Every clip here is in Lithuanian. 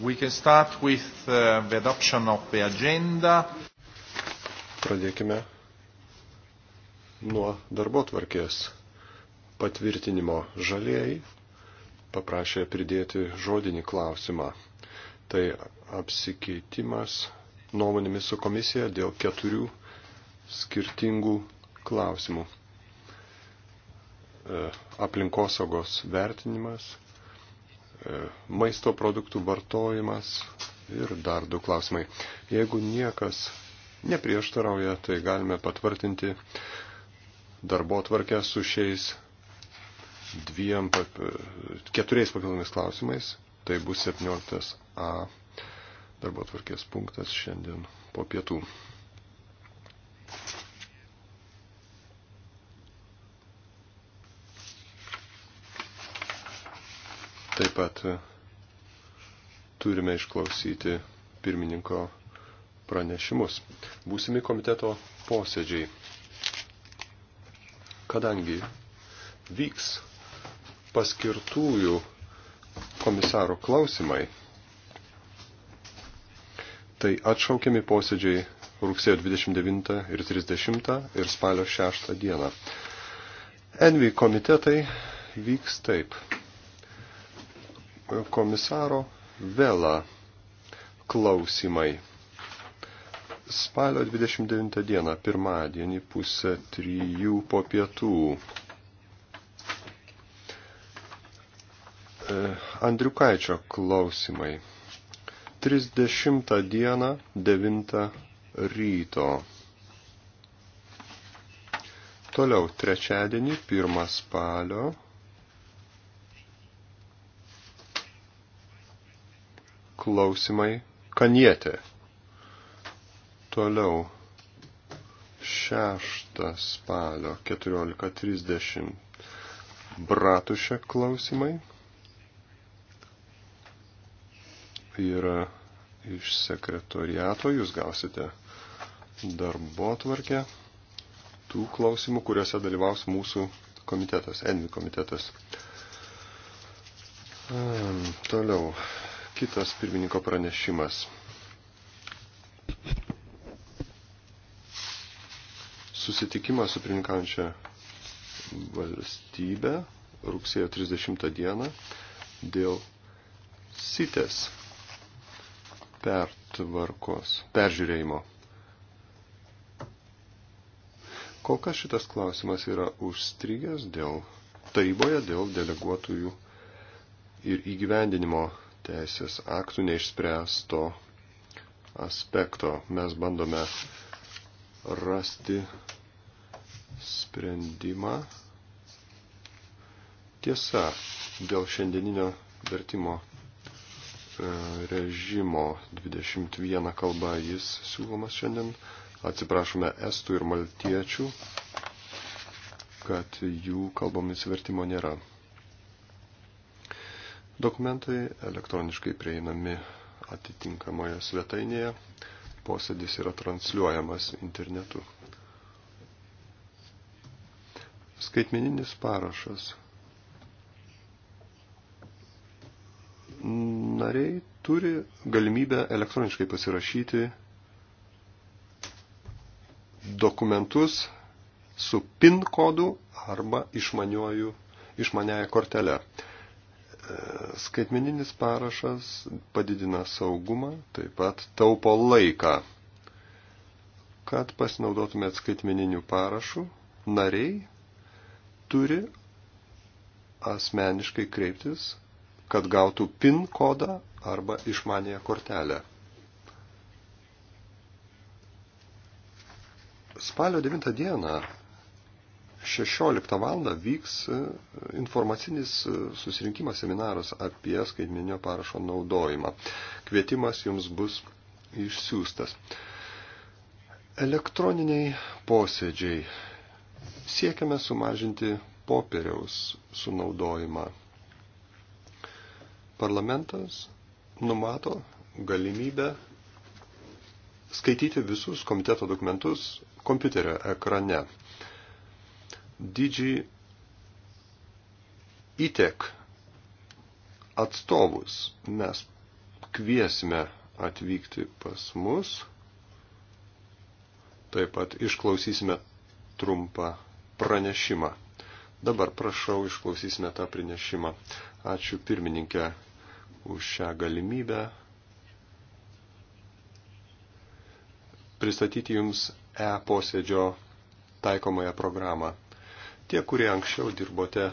We can start with uh, the adoption of the agenda. Pradėkime nuo darbo tvarkės patvirtinimo žalieji paprašė pridėti žodinį klausimą. Tai apsikeitimas nuomonėmis su komisija dėl keturių skirtingų klausimų. E, aplinkosaugos vertinimas, E, maisto produktų vartojimas ir dar du klausimai. Jeigu niekas neprieštarauja, tai galime patvirtinti darbo tvarkę su šiais dviem, e, keturiais papildomis klausimais. Tai bus 17a darbo tvarkės punktas šiandien po pietų. Taip pat e, turime išklausyti pirmininko pranešimus. Būsimi komiteto posėdžiai. Kadangi vyks paskirtųjų komisaro klausimai, tai atšaukiami posėdžiai rugsėjo 29 ir 30 ir spalio 6 dieną. Envy komitetai vyks taip komisaro Vela klausimai. Spalio 29 dieną, pirmadienį, pusę trijų po pietų. E, Andriukaičio klausimai. 30 dieną, 9 ryto. Toliau trečiadienį, 1 spalio, klausimai kanietė. Toliau 6 spalio 14.30 bratušė klausimai. Yra iš sekretoriato, jūs gausite darbo tvarkę tų klausimų, kuriuose dalyvaus mūsų komitetas, Envi komitetas. Ehm, toliau, Kitas pirmininko pranešimas. Susitikimas su pirmininkaujančia valstybė rugsėjo 30 dieną dėl sitės pertvarkos, peržiūrėjimo. Kol kas šitas klausimas yra užstrigęs dėl taryboje, dėl deleguotųjų ir įgyvendinimo teisės aktų neišspręsto aspekto. Mes bandome rasti sprendimą. Tiesa, dėl šiandieninio vertimo e, režimo 21 kalba jis siūlomas šiandien. Atsiprašome estų ir maltiečių, kad jų kalbomis vertimo nėra. Dokumentai elektroniškai prieinami atitinkamoje svetainėje. Posėdis yra transliuojamas internetu. Skaitmeninis parašas. Nariai turi galimybę elektroniškai pasirašyti dokumentus su PIN kodu arba išmaniąją kortelę. Skaitmeninis parašas padidina saugumą, taip pat taupo laiką. Kad pasinaudotumėt skaitmeniniu parašu, nariai turi asmeniškai kreiptis, kad gautų PIN kodą arba išmanėją kortelę. Spalio 9 dieną 16 val. vyks e, informacinis e, susirinkimas seminaras apie skaitminio parašo naudojimą. Kvietimas jums bus išsiųstas. Elektroniniai posėdžiai. Siekiame sumažinti popieriaus sunaudojimą. Parlamentas numato galimybę skaityti visus komiteto dokumentus kompiuterio ekrane didžiai įtek atstovus mes kviesime atvykti pas mus. Taip pat išklausysime trumpą pranešimą. Dabar prašau, išklausysime tą pranešimą. Ačiū pirmininkė už šią galimybę pristatyti Jums e-posėdžio taikomąją programą. Tie, kurie anksčiau dirbote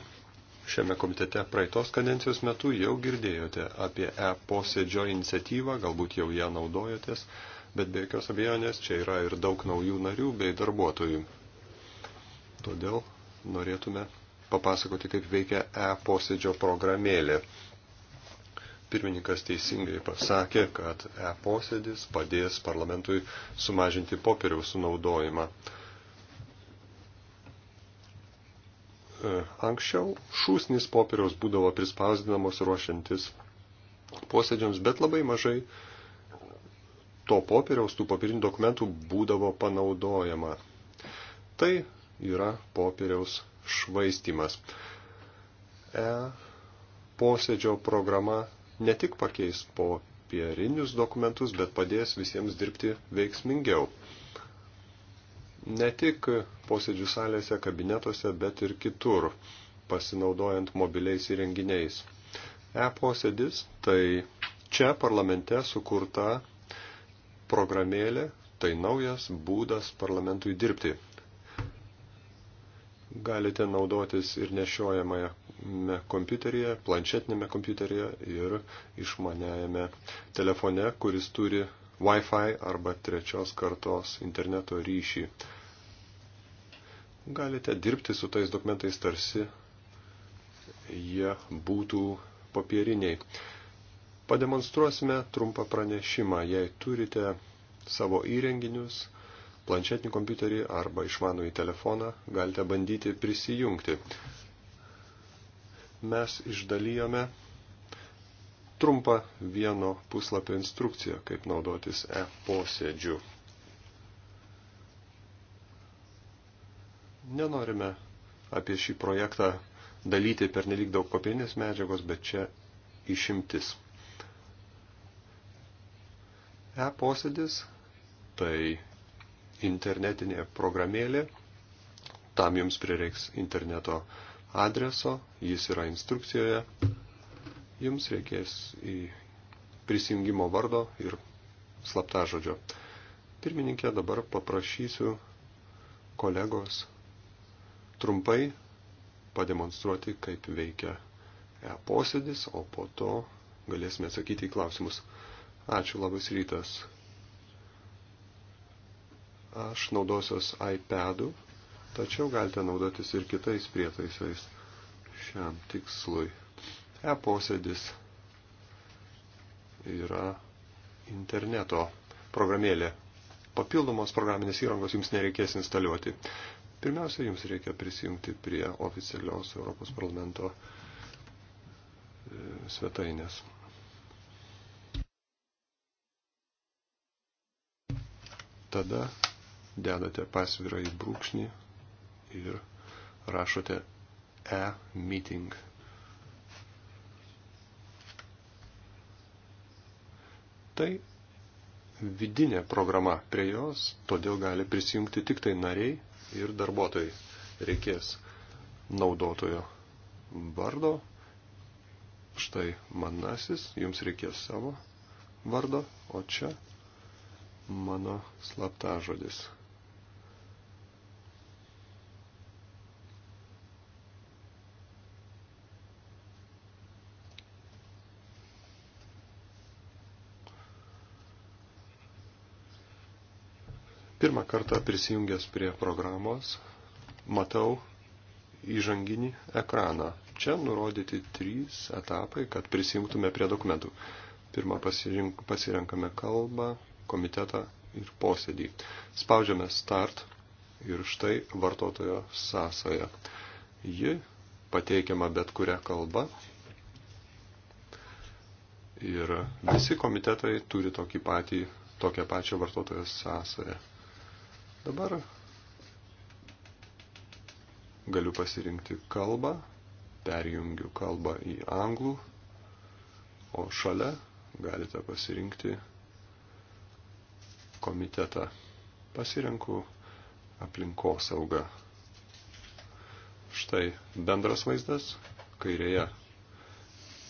šiame komitete praeitos kadencijos metu, jau girdėjote apie e-posėdžio iniciatyvą, galbūt jau ją naudojotės, bet be jokios abejonės čia yra ir daug naujų narių bei darbuotojų. Todėl norėtume papasakoti, kaip veikia e-posėdžio programėlė. Pirmininkas teisingai pasakė, kad e-posėdis padės parlamentui sumažinti popieriaus sunaudojimą. E, anksčiau šūsnis popieriaus būdavo prispausdinamos ruošiantis posėdžiams, bet labai mažai to popieriaus, tų popierinių dokumentų būdavo panaudojama. Tai yra popieriaus švaistimas. E posėdžio programa ne tik pakeis popierinius dokumentus, bet padės visiems dirbti veiksmingiau ne tik posėdžių salėse, kabinetuose, bet ir kitur, pasinaudojant mobiliais įrenginiais. E-posėdis tai čia parlamente sukurta programėlė, tai naujas būdas parlamentui dirbti. Galite naudotis ir nešiojamame kompiuteryje, planšetinėme kompiuteryje ir išmaniajame telefone, kuris turi Wi-Fi arba trečios kartos interneto ryšį galite dirbti su tais dokumentais tarsi jie būtų popieriniai. Pademonstruosime trumpą pranešimą, jei turite savo įrenginius, planšetinį kompiuterį arba išmanųjį telefoną, galite bandyti prisijungti. Mes išdalyjome trumpą vieno puslapio instrukciją, kaip naudotis e-posėdžiu. Nenorime apie šį projektą dalyti per nelik daug papildinės medžiagos, bet čia išimtis. E-posėdis tai internetinė programėlė. Tam jums prireiks interneto adreso, jis yra instrukcijoje. Jums reikės į prisijungimo vardo ir slaptažodžio. Pirmininkė, dabar paprašysiu kolegos trumpai pademonstruoti, kaip veikia e-posėdis, o po to galėsime atsakyti į klausimus. Ačiū, labas rytas. Aš naudosios iPad'u, tačiau galite naudotis ir kitais prietaisais šiam tikslui. E-posėdis yra interneto programėlė. Papildomos programinės įrangos jums nereikės instaliuoti. Pirmiausia, jums reikia prisijungti prie oficialios Europos parlamento e, svetainės. Tada dedate pasvirą į brūkšnį ir rašote e-meeting. Tai vidinė programa prie jos, todėl gali prisijungti tik tai nariai, ir darbuotojai. Reikės naudotojo vardo. Štai manasis, jums reikės savo vardo, o čia mano slaptažodis. žodis. kartą prisijungęs prie programos matau įžanginį ekraną. Čia nurodyti trys etapai, kad prisijungtume prie dokumentų. Pirmą pasirink, pasirenkame kalbą, komitetą ir posėdį. Spaudžiame start ir štai vartotojo sąsoja. Ji pateikiama bet kurią kalbą. Ir visi komitetai turi tokį patį, tokią pačią vartotojo sąsoją. Dabar galiu pasirinkti kalbą, perjungiu kalbą į anglų, o šalia galite pasirinkti komitetą. Pasirenku aplinkosaugą. Štai bendras vaizdas. Kairėje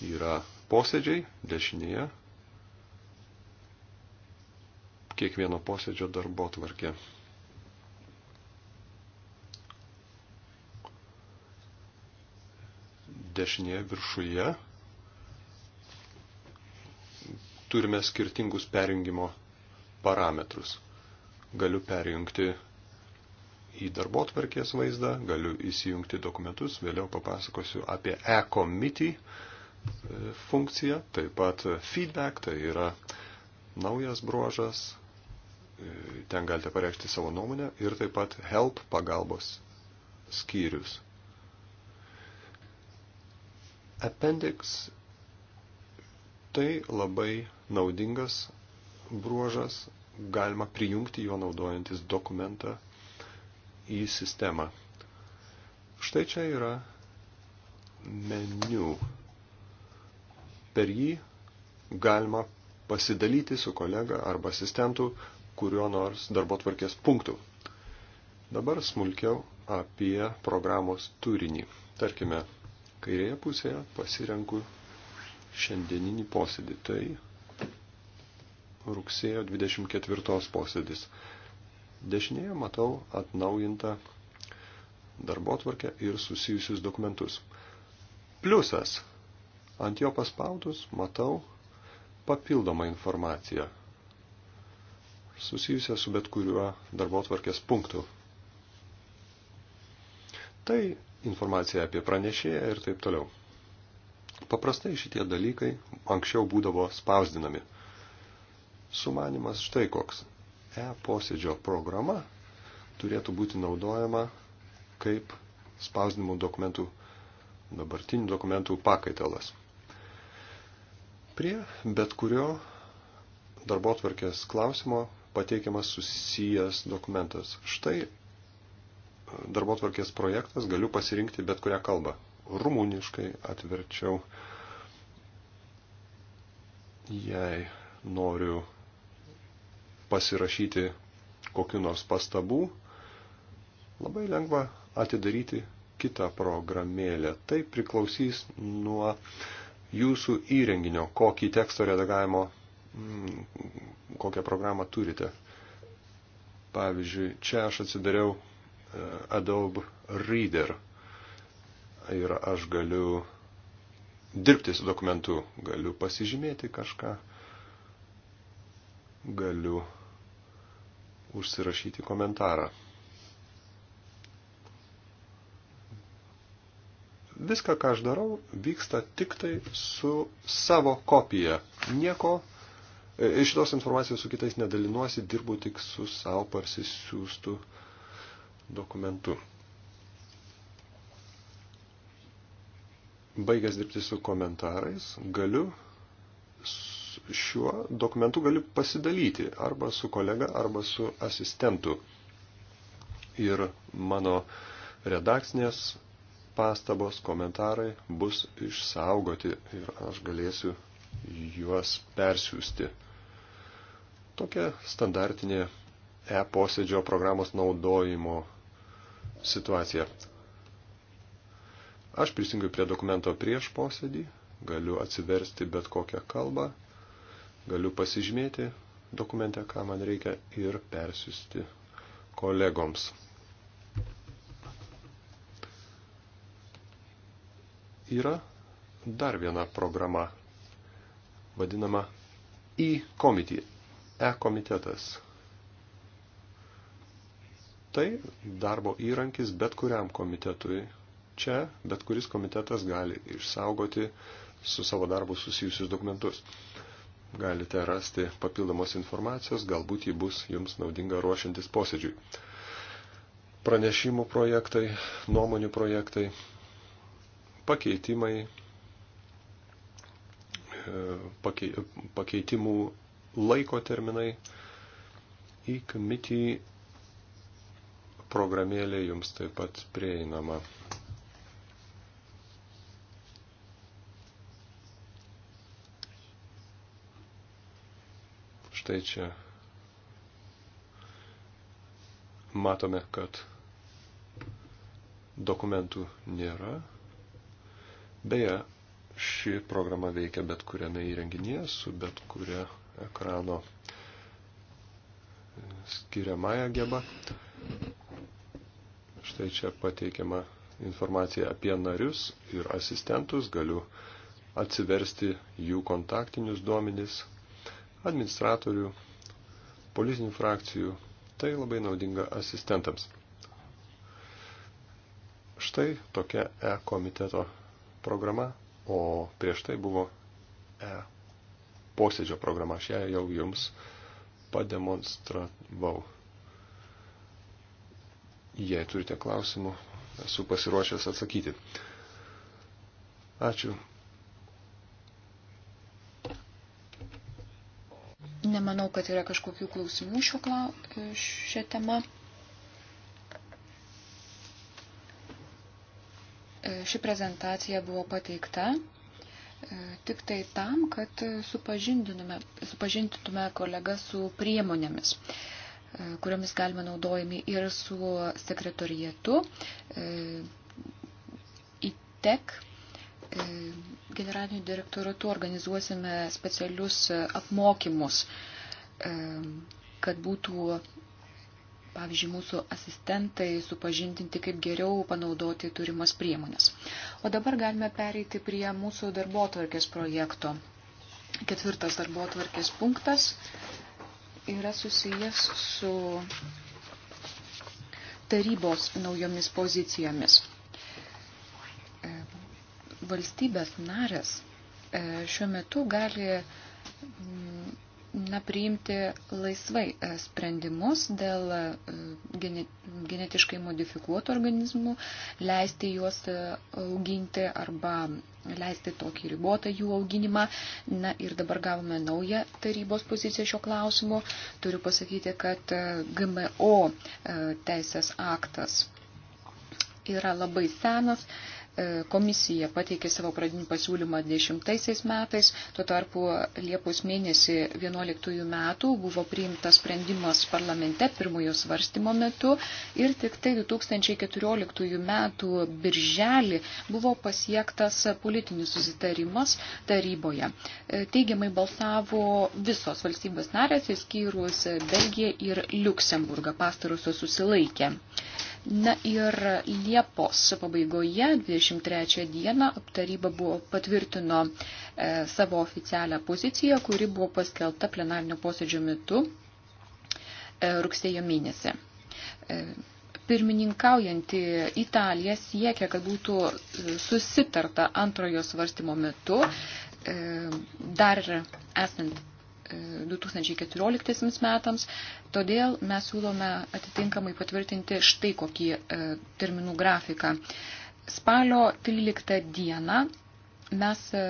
yra posėdžiai, dešinėje kiekvieno posėdžio darbo tvarkė. dešinėje viršuje turime skirtingus perjungimo parametrus. Galiu perjungti į darbo tvarkės vaizdą, galiu įsijungti dokumentus, vėliau papasakosiu apie e-committee e, funkciją, taip pat feedback, tai yra naujas bruožas, e, ten galite pareikšti savo nuomonę ir taip pat help pagalbos skyrius. Appendix tai labai naudingas bruožas, galima prijungti juo naudojantis dokumentą į sistemą. Štai čia yra meniu. Per jį galima pasidalyti su kolega arba asistentu kurio nors darbo tvarkės punktų. Dabar smulkiau apie programos turinį. Tarkime, kairėje pusėje pasirenku šiandieninį posėdį. Tai rugsėjo 24 posėdis. Dešinėje matau atnaujintą darbo tvarkę ir susijusius dokumentus. Pliusas. Ant jo paspaudus matau papildomą informaciją susijusią su bet kuriuo darbo tvarkės punktu. Tai informaciją apie pranešėją ir taip toliau. Paprastai šitie dalykai anksčiau būdavo spausdinami. Sumanimas štai koks. E-posėdžio programa turėtų būti naudojama kaip spausdinimų dokumentų, dabartinių dokumentų pakaitalas. Prie bet kurio darbo tvarkės klausimo pateikiamas susijęs dokumentas. Štai darbotvarkės projektas, galiu pasirinkti bet kurią kalbą. Rumuniškai atverčiau, jei noriu pasirašyti kokiu nors pastabų, labai lengva atidaryti kitą programėlę. Tai priklausys nuo jūsų įrenginio, kokį teksto redagavimo, mm, kokią programą turite. Pavyzdžiui, čia aš atsidariau Adobe Reader. Ir aš galiu dirbti su dokumentu, galiu pasižymėti kažką, galiu užsirašyti komentarą. viską, ką aš darau, vyksta tik tai su savo kopija. Nieko iš e, šitos informacijos su kitais nedalinuosi, dirbu tik su savo parsisiųstu dokumentu. Baigęs dirbti su komentarais, galiu šiuo dokumentu galiu pasidalyti arba su kolega, arba su asistentu. Ir mano redakcinės pastabos, komentarai bus išsaugoti ir aš galėsiu juos persiųsti. Tokia standartinė e-posėdžio programos naudojimo situaciją. Aš prisijungiu prie dokumento prieš posėdį, galiu atsiversti bet kokią kalbą, galiu pasižymėti dokumente, ką man reikia ir persiusti kolegoms. Yra dar viena programa, vadinama e-komitė, e-komitetas. Tai darbo įrankis bet kuriam komitetui. Čia bet kuris komitetas gali išsaugoti su savo darbu susijusius dokumentus. Galite rasti papildomos informacijos, galbūt ji bus jums naudinga ruošiantis posėdžiui. Pranešimų projektai, nuomonių projektai, pakeitimai, pakeitimų laiko terminai, e-committee programėlė jums taip pat prieinama. Štai čia matome, kad dokumentų nėra. Beje, ši programa veikia bet kuriame įrenginėje su bet kuria ekrano skiriamąją gebą. Štai čia pateikiama informacija apie narius ir asistentus. Galiu atsiversti jų kontaktinius duomenis, administratorių, politinių frakcijų. Tai labai naudinga asistentams. Štai tokia e-komiteto programa, o prieš tai buvo e-posėdžio programa. Aš ją jau jums pademonstravau. Jei turite klausimų, esu pasiruošęs atsakyti. Ačiū. Nemanau, kad yra kažkokių klausimų šio klau... šią temą. E, ši prezentacija buvo pateikta e, tik tai tam, kad supažindintume kolegą su priemonėmis kuriomis galime naudojami ir su sekretorijatu e, ITEC e, generaliniu direktoratu organizuosime specialius apmokymus, e, kad būtų, pavyzdžiui, mūsų asistentai supažindinti, kaip geriau panaudoti turimas priemonės. O dabar galime pereiti prie mūsų darbo projekto. Ketvirtas darbo punktas yra susijęs su tarybos naujomis pozicijomis. E, valstybės narės e, šiuo metu gali mm, na, priimti laisvai e, sprendimus dėl genetiškai modifikuotų organizmų, leisti juos auginti arba leisti tokį ribotą jų auginimą. Na ir dabar gavome naują tarybos poziciją šio klausimu. Turiu pasakyti, kad e, GMO e, teisės aktas yra labai senas E, komisija pateikė savo pradinį pasiūlymą 10 metais, tuo tarpu Liepos mėnesį 11 metų buvo priimtas sprendimas parlamente pirmojo svarstymo metu ir tik tai 2014 metų birželį buvo pasiektas politinis susitarimas taryboje. E, teigiamai balsavo visos valstybės narės, įskyrus Belgiją ir Luksemburgą, pastarusios susilaikė. Na ir Liepos pabaigoje, 23 dieną, taryba buvo patvirtino e, savo oficialią poziciją, kuri buvo paskelbta plenarnio posėdžio metu e, rugsėjo mėnesį. E, pirmininkaujanti Italija siekia, kad būtų susitarta antrojo svarstymo metu, e, dar esant 2014 metams, todėl mes siūlome atitinkamai patvirtinti štai kokį e, terminų grafiką. Spalio 13 dieną mes e,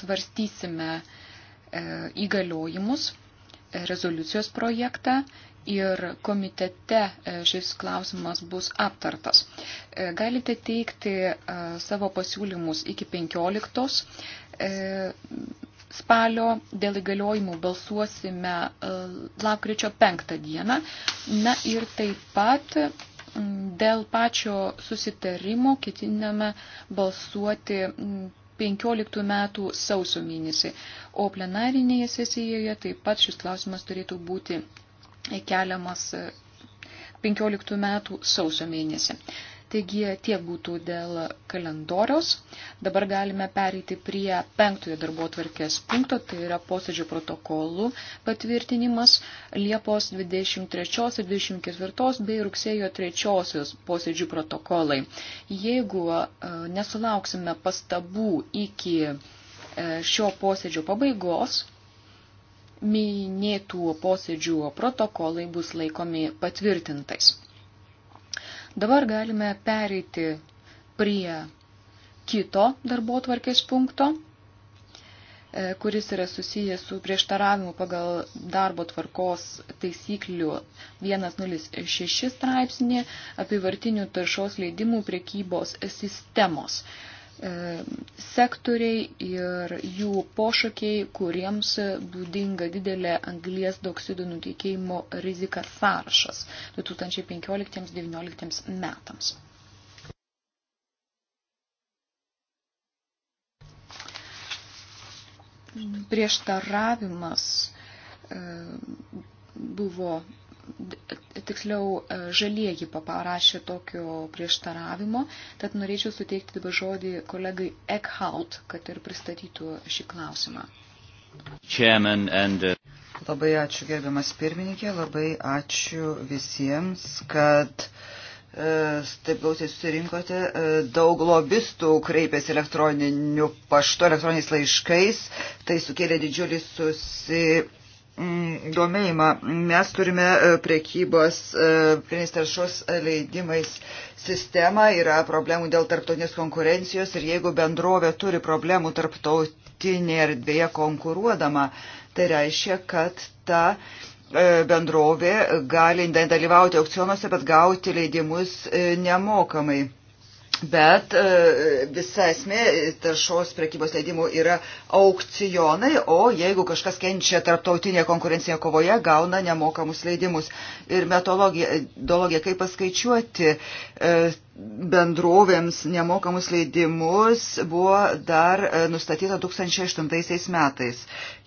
svarstysime e, įgaliojimus rezoliucijos projektą ir komitete šis klausimas bus aptartas. Galite teikti savo pasiūlymus iki 15 spalio, dėl įgaliojimų balsuosime e, lapkričio 5 dieną. Na ir taip pat dėl pačio susitarimo ketiname balsuoti 15 metų sausio mėnesį, o plenarinėje sesijoje taip pat šis klausimas turėtų būti keliamas 15 e, metų sausio mėnesį. Taigi tiek būtų dėl kalendoriaus. Dabar galime pereiti prie penktojo darbo tvarkės punkto, tai yra posėdžio protokolų patvirtinimas Liepos 23 ir 24 bei rugsėjo 3 posėdžių protokolai. Jeigu e, nesulauksime pastabų iki e, šio posėdžio pabaigos, minėtų posėdžių protokolai bus laikomi patvirtintais. Dabar galime pereiti prie kito darbo tvarkės punkto, e, kuris yra susijęs su prieštaravimu pagal darbo tvarkos taisyklių 106 straipsnį apivartinių taršos leidimų priekybos sistemos. E, sektoriai ir jų pošakiai, kuriems būdinga didelė anglies dioksidų nutekėjimo rizika sąrašas 2015-2019 metams. Prieštaravimas e, buvo tiksliau e, žalieji paparašė tokio prieštaravimo, tad norėčiau suteikti dabar žodį kolegai Eckhout, kad ir pristatytų šį klausimą. Chairman and, uh... Labai ačiū gerbiamas pirmininkė, labai ačiū visiems, kad e, taip gausiai susirinkote. E, daug lobistų kreipėsi elektroniniu paštu, elektroniniais laiškais, tai sukėlė didžiulį susirinkimus domėjimą. Mes turime e, prekybos e, prinės taršos leidimais sistemą, yra problemų dėl tarptautinės konkurencijos ir jeigu bendrovė turi problemų tarptautinėje erdvėje konkuruodama, tai reiškia, kad ta e, bendrovė gali dalyvauti aukcionuose, bet gauti leidimus nemokamai. Bet e, visa esmė taršos prekybos leidimų yra aukcionai, o jeigu kažkas kenčia tarptautinėje konkurencinėje kovoje, gauna nemokamus leidimus. Ir metodologija, e, kaip paskaičiuoti e, bendrovėms nemokamus leidimus buvo dar e, nustatyta 2008 metais.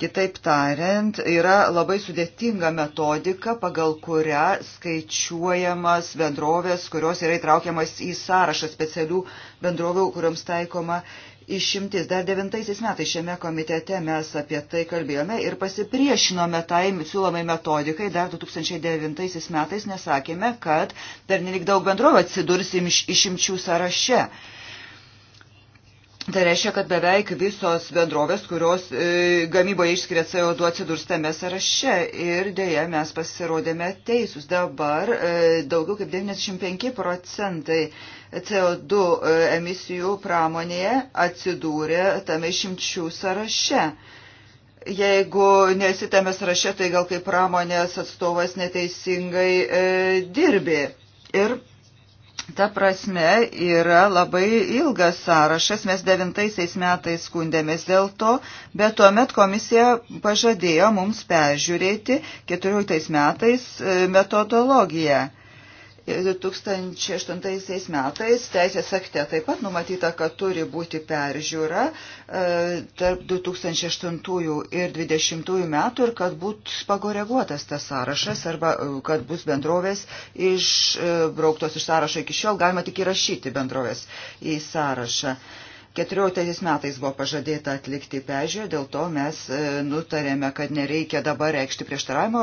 Kitaip tariant, yra labai sudėtinga metodika, pagal kurią skaičiuojamas bendrovės, kurios yra įtraukiamas į sąrašą specialių bendrovių, kuriams taikoma išimtis. Dar devintaisiais metais šiame komitete mes apie tai kalbėjome ir pasipriešinome tai siūlomai metodikai. Dar 2009 metais nesakėme, kad dar nelik daug bendrovų atsidursim iš, išimčių sąraše. Iš Tai reiškia, kad beveik visos bendrovės, kurios e, gamyboje išskiria CO2 atsidurs tame sąraše ir dėja mes pasirodėme teisūs. Dabar e, daugiau kaip 95 procentai CO2 e, emisijų pramonėje atsidūrė tame šimčių sąraše. Jeigu nesi tame sąraše, tai gal kaip pramonės atstovas neteisingai e, dirbi. Ir Ta prasme yra labai ilgas sąrašas, mes devintaisiais metais skundėmės dėl to, bet tuomet komisija pažadėjo mums peržiūrėti 14 metais e, metodologiją. 2008 metais teisės akte taip pat numatyta, kad turi būti peržiūra e, tarp 2008 ir 2020 metų ir kad būtų pagoreguotas tas sąrašas arba e, kad bus bendrovės išbrauktos e, iš sąrašo iki šiol, galima tik įrašyti bendrovės į sąrašą. 14 metais buvo pažadėta atlikti pežiūrę, dėl to mes nutarėme, kad nereikia dabar reikšti prieštaravimo,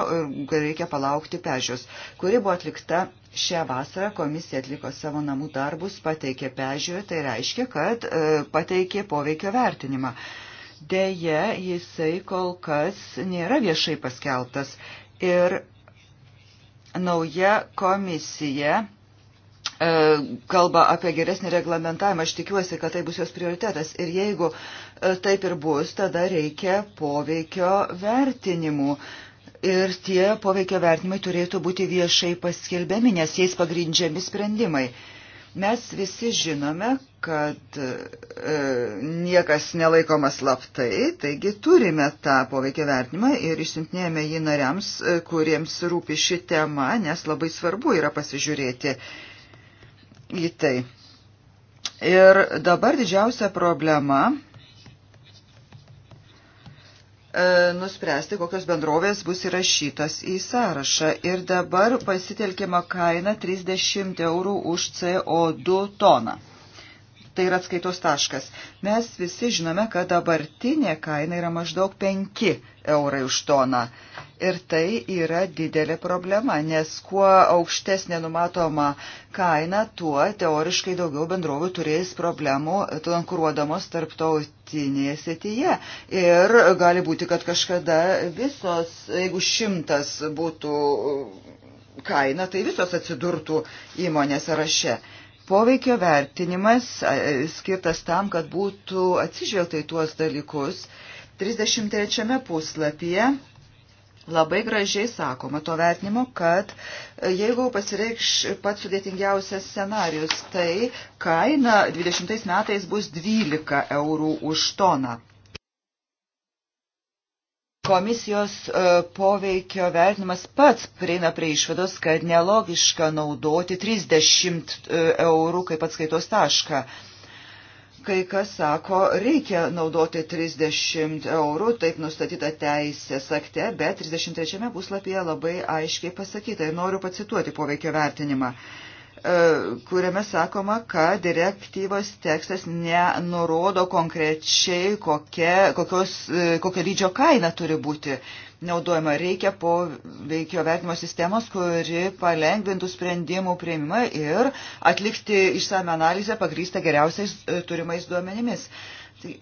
kad reikia palaukti pežiūros, kuri buvo atlikta Šią vasarą komisija atliko savo namų darbus, pateikė pežiūrį, tai reiškia, kad e, pateikė poveikio vertinimą. Deja, jisai kol kas nėra viešai paskelbtas ir nauja komisija e, kalba apie geresnį reglamentavimą. Aš tikiuosi, kad tai bus jos prioritetas. Ir jeigu e, taip ir bus, tada reikia poveikio vertinimų ir tie poveikio vertinimai turėtų būti viešai paskelbiami, nes jais pagrindžiami sprendimai. Mes visi žinome, kad e, niekas nelaikomas laptai, taigi turime tą poveikio vertinimą ir išsintinėjame jį nariams, e, kuriems rūpi ši tema, nes labai svarbu yra pasižiūrėti į tai. Ir dabar didžiausia problema E, nuspręsti, kokios bendrovės bus įrašytos į sąrašą. Ir dabar pasitelkiama kaina 30 eurų už CO2 toną tai yra atskaitos taškas. Mes visi žinome, kad dabartinė kaina yra maždaug 5 eurai už toną. Ir tai yra didelė problema, nes kuo aukštesnė numatoma kaina, tuo teoriškai daugiau bendrovių turės problemų konkuruodamos tarptautinėje setyje. Ir gali būti, kad kažkada visos, jeigu šimtas būtų kaina, tai visos atsidurtų įmonės sąraše. Poveikio vertinimas skirtas tam, kad būtų atsižvelgta į tuos dalykus. 33 puslapyje labai gražiai sakoma to vertinimo, kad e, jeigu pasireikš pats sudėtingiausias scenarius, tai kaina 20 metais bus 12 eurų už toną. Komisijos e, poveikio vertinimas pats prieina prie išvados, kad nelogiška naudoti 30 e, eurų kaip atskaitos tašką. Kai kas sako, reikia naudoti 30 eurų, taip nustatyta teisės akte, bet 33 puslapyje labai aiškiai pasakyta ir noriu pacituoti poveikio vertinimą. E, kuriame sakoma, kad direktyvos tekstas nenurodo konkrečiai, kokia, kokios, e, kokio dydžio kaina turi būti naudojama. Reikia po veikio vertimo sistemos, kuri palengvintų sprendimų prieimimą ir atlikti išsame analizę pagrįstą geriausiais e, turimais duomenimis. Tai,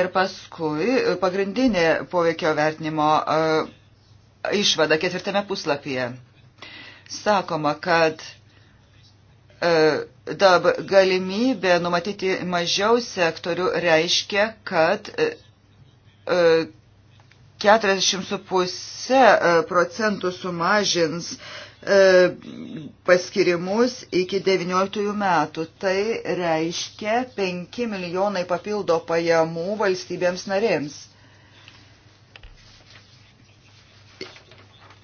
ir paskui pagrindinė poveikio vertinimo išvada ketvirtame puslapyje sakoma, kad e, dabar galimybė numatyti mažiau sektorių reiškia, kad 40,5 e, e, procentų sumažins paskirimus iki 19 metų. Tai reiškia 5 milijonai papildo pajamų valstybėms narėms.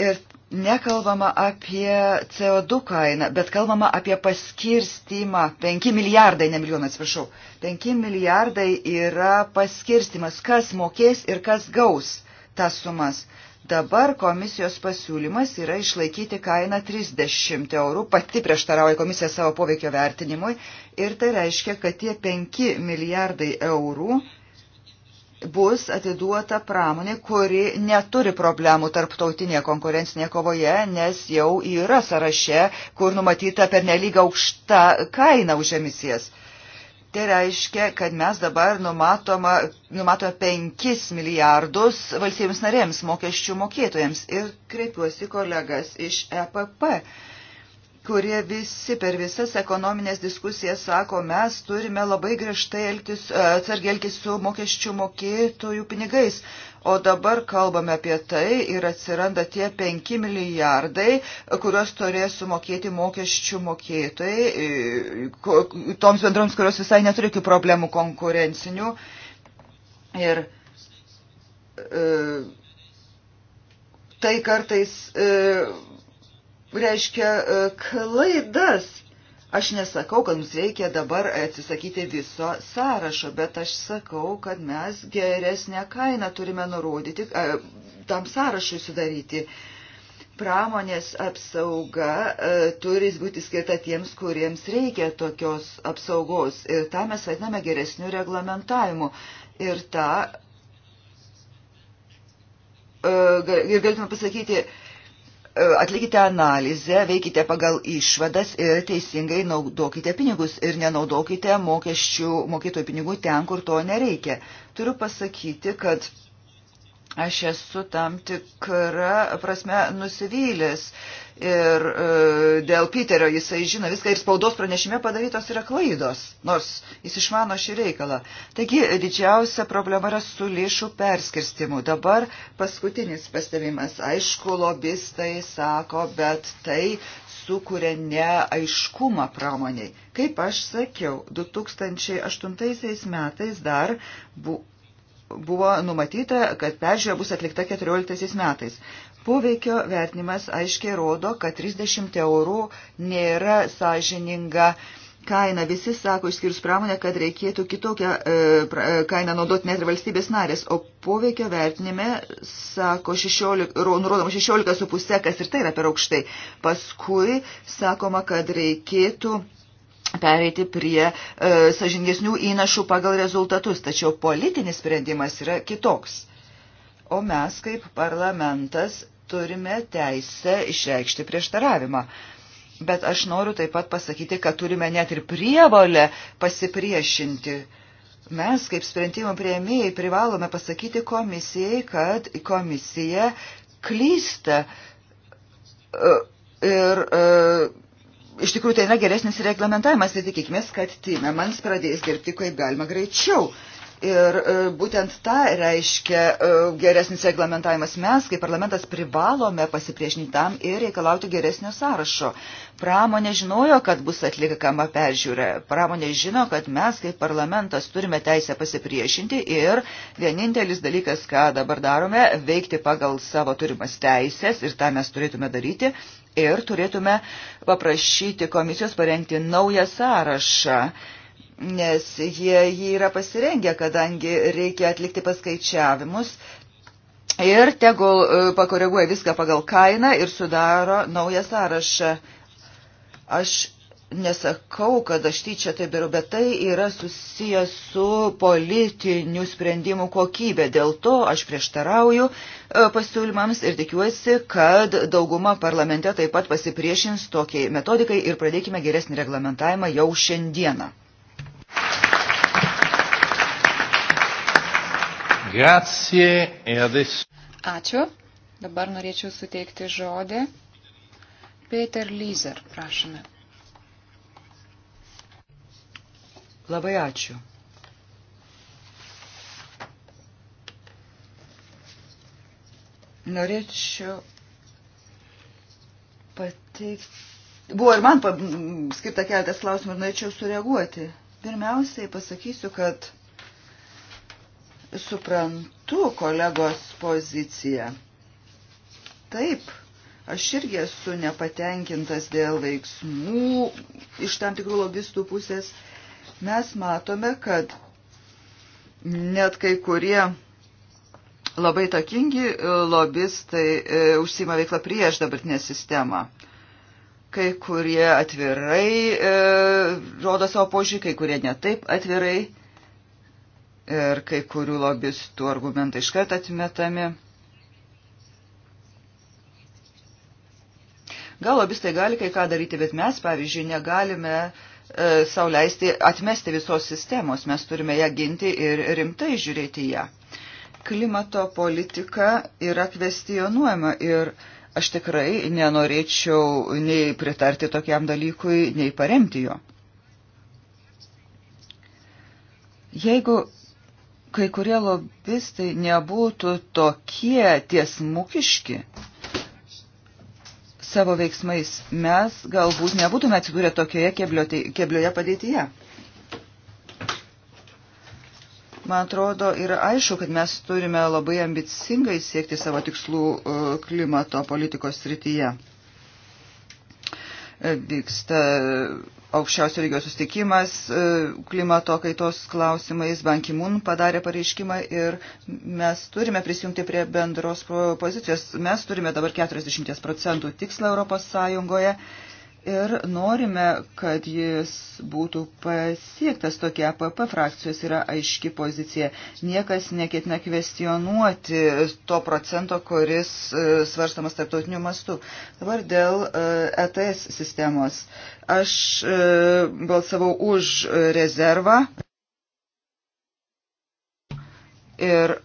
Ir nekalbama apie CO2 kainą, bet kalbama apie paskirstimą. 5 milijardai, ne milijonai, atsiprašau. 5 milijardai yra paskirstimas, kas mokės ir kas gaus tas sumas. Dabar komisijos pasiūlymas yra išlaikyti kainą 30 eurų, pati prieštarauja komisija savo poveikio vertinimui ir tai reiškia, kad tie 5 milijardai eurų bus atiduota pramonė, kuri neturi problemų tarptautinėje konkurencinėje kovoje, nes jau yra sąraše, kur numatyta per nelygą aukštą kainą už emisijas. Tai reiškia, kad mes dabar numatoma, numatome 5 milijardus valstybėms narėms, mokesčių mokėtojams. Ir kreipiuosi kolegas iš EPP kurie visi per visas ekonominės diskusijas sako, mes turime labai griežtai elgtis, e, atsargiai elgtis su mokesčių mokėtojų pinigais. O dabar kalbame apie tai ir atsiranda tie 5 milijardai, kuriuos turės sumokėti mokesčių mokėtojai, e, toms bendroms, kurios visai neturi jokių problemų konkurencinių. Ir, e, tai kartais e, reiškia e, klaidas. Aš nesakau, kad mums reikia dabar atsisakyti viso sąrašo, bet aš sakau, kad mes geresnę kainą turime nurodyti, e, tam sąrašui sudaryti. Pramonės apsauga e, turi būti skirta tiems, kuriems reikia tokios apsaugos. Ir tą mes vadiname geresnių reglamentavimų. Ir tą ir galėtume pasakyti, atlikite analizę, veikite pagal išvadas ir teisingai naudokite pinigus ir nenaudokite mokesčių mokėtojų pinigų ten, kur to nereikia. Turiu pasakyti, kad aš esu tam tikra prasme nusivylęs. Ir e, dėl Piterio jisai žino viską ir spaudos pranešime padarytos yra klaidos, nors jis išmano šį reikalą. Taigi didžiausia problema yra su lėšų perskirstimu. Dabar paskutinis pastebimas. Aišku, lobistai sako, bet tai sukuria neaiškumą pramoniai. Kaip aš sakiau, 2008 metais dar bu, buvo numatyta, kad peržiūra bus atlikta 14 metais. Poveikio vertinimas aiškiai rodo, kad 30 eurų nėra sąžininga kaina. Visi sako, išskyrus pramonę, kad reikėtų kitokią e, e kainą naudoti net ir valstybės narės, o poveikio vertinime sako 16, nurodoma 16,5, kas ir tai yra per aukštai. Paskui sakoma, kad reikėtų pereiti prie e, sažingesnių įnašų pagal rezultatus, tačiau politinis sprendimas yra kitoks. O mes kaip parlamentas turime teisę išreikšti prieštaravimą. Bet aš noriu taip pat pasakyti, kad turime net ir prievalę pasipriešinti. Mes kaip sprendimo prieimėjai privalome pasakyti komisijai, kad komisija klysta. E, ir e, iš tikrųjų tai yra geresnis reglamentavimas, tai tikėkime, kad Timemans pradės dirbti kaip galima greičiau. Ir e, būtent tą reiškia e, geresnis reglamentavimas. Mes, kaip parlamentas, privalome pasipriešinti tam ir reikalauti geresnio sąrašo. Pramonė žinojo, kad bus atlikama peržiūra. Pramonė žino, kad mes, kaip parlamentas, turime teisę pasipriešinti ir vienintelis dalykas, ką dabar darome, veikti pagal savo turimas teisės ir tą mes turėtume daryti ir turėtume paprašyti komisijos parengti naują sąrašą, nes jie jį yra pasirengę, kadangi reikia atlikti paskaičiavimus. Ir tegul e, pakoreguoja viską pagal kainą ir sudaro naują sąrašą. Aš nesakau, kad aš tyčia tai darau, bet tai yra susijęs su politinių sprendimų kokybė. Dėl to aš prieštarauju e, pasiūlymams ir tikiuosi, kad dauguma parlamente taip pat pasipriešins tokiai metodikai ir pradėkime geresnį reglamentavimą jau šiandieną. Grazie e adesso. Ačiū. Dabar norėčiau suteikti žodį. Peter Lyzer, prašome. Labai ačiū. Norėčiau pateikti. Buvo ir man skirta keletas klausimų ir norėčiau sureaguoti. Pirmiausiai pasakysiu, kad suprantu kolegos poziciją. Taip, aš irgi esu nepatenkintas dėl veiksmų iš tam tikrų lobistų pusės. Uh, mes matome, kad net kai kurie labai takingi lobistai e, užsima veiklą prieš dabartinę sistemą. Kai kurie atvirai e, rodo savo požiūrį, kai kurie netaip atvirai ir kai kurių lobistų argumentai iškart atmetami. Gal lobistai gali kai ką daryti, bet mes, pavyzdžiui, negalime e, E, sauliaisti atmesti visos sistemos, mes turime ją ginti ir rimtai žiūrėti ją. Klimato politika yra kvestionuojama ir aš tikrai nenorėčiau nei pritarti tokiam dalykui, nei paremti jo. Jeigu kai kurie lobistai nebūtų tokie tiesmukiški, savo veiksmais mes galbūt nebūtume atsidūrę tokioje keblioje padėtyje. Man atrodo, yra aišku, kad mes turime labai ambicingai siekti savo tikslų e, klimato politikos srityje vyksta aukščiausio lygio sustikimas e, klimato kaitos klausimais, Bankimun padarė pareiškimą ir mes turime prisijungti prie bendros pozicijos. Mes turime dabar 40 procentų tikslą Europos Sąjungoje ir norime, kad jis būtų pasiektas tokia APP frakcijos yra aiški pozicija. Niekas neketina kvestionuoti to procento, kuris e, svarstamas tarptautiniu mastu. Dabar dėl ETS e sistemos. Aš e, balsavau už rezervą. Ir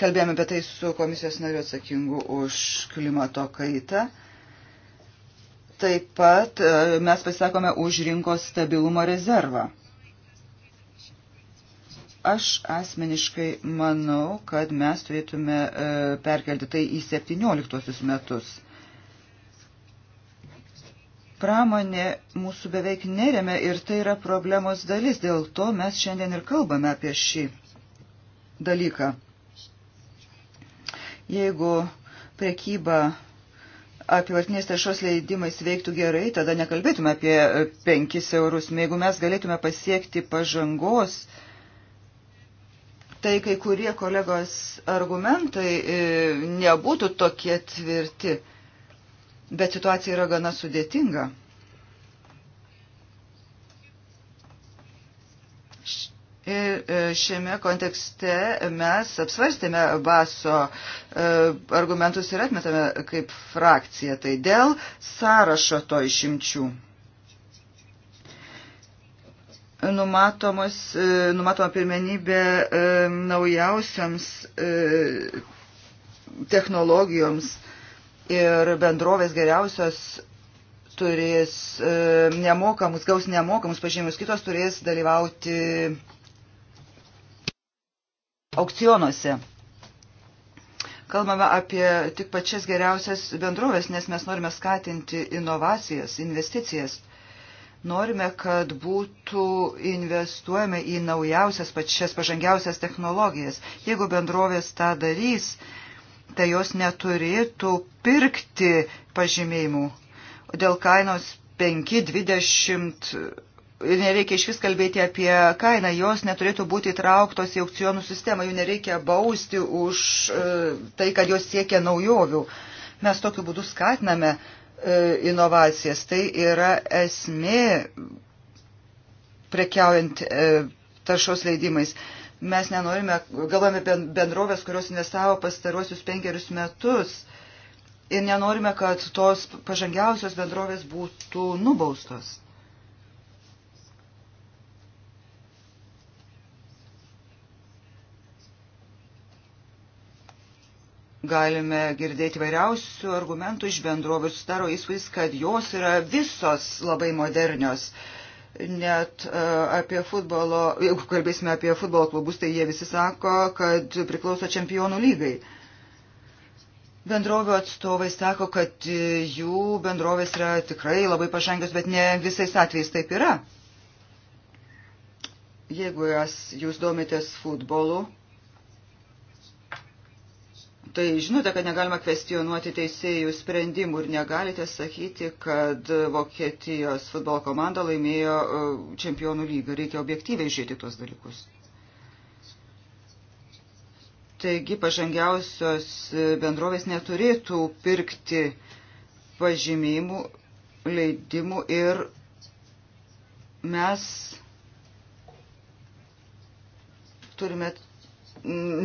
kalbėjome apie tai su komisijos nariu atsakingu už klimato kaitą. Uh, Taip pat e, mes pasisakome už rinkos stabilumo rezervą. Aš asmeniškai manau, kad mes turėtume e, perkelti tai į 17 metus. Pramonė mūsų beveik neremia ir tai yra problemos dalis, dėl to mes šiandien ir kalbame apie šį dalyką. Jeigu prekyba apivartinės taršos leidimais veiktų gerai, tada nekalbėtume apie 5 e, eurus. Jeigu mes galėtume pasiekti pažangos, tai kai kurie kolegos argumentai e, nebūtų tokie tvirti, bet situacija yra gana sudėtinga. Ir e, e, šiame kontekste mes apsvarstėme baso e, argumentus ir atmetame kaip frakciją. Tai dėl sąrašo to išimčių numatomos, numatoma pirmenybė naujausiams technologijoms ir bendrovės geriausios turės nemokamus, gaus nemokamus pažymius, kitos turės dalyvauti aukcionuose. Kalbame apie tik pačias geriausias bendrovės, nes mes norime skatinti inovacijas, investicijas. Norime, kad būtų investuojame į naujausias, pačias pažangiausias technologijas. Jeigu bendrovės tą darys, tai jos neturėtų pirkti pažymėjimų. Dėl kainos 5-20 nereikia iš vis kalbėti apie kainą, jos neturėtų būti įtrauktos į aukcionų sistemą, jų nereikia bausti už e, tai, kad jos siekia naujovių. Mes tokiu būdu skatiname e, inovacijas. Tai yra esmė prekiaujant e, taršos leidimais. Mes nenorime, galvojame bendrovės, kurios investavo pastaruosius penkerius metus ir nenorime, kad tos pažangiausios bendrovės būtų nubaustos. Galime girdėti vairiausių argumentų iš bendrovės, sudaro įspūdis, kad jos yra visos labai modernios net e, apie futbolo, jeigu kalbėsime apie futbolo klubus, tai jie visi sako, kad priklauso čempionų lygai. Bendrovių atstovai sako, kad jų bendrovės yra tikrai labai pažangios, bet ne visais atvejais taip yra. Jeigu jas, jūs domitės futbolu, tai žinote, kad negalima kvestionuoti teisėjų sprendimų ir negalite sakyti, kad Vokietijos futbolo komanda laimėjo e, čempionų lygą. Reikia objektyviai žiūrėti tuos dalykus. Taigi pažangiausios e, bendrovės neturėtų pirkti pažymėjimų, leidimų ir mes turime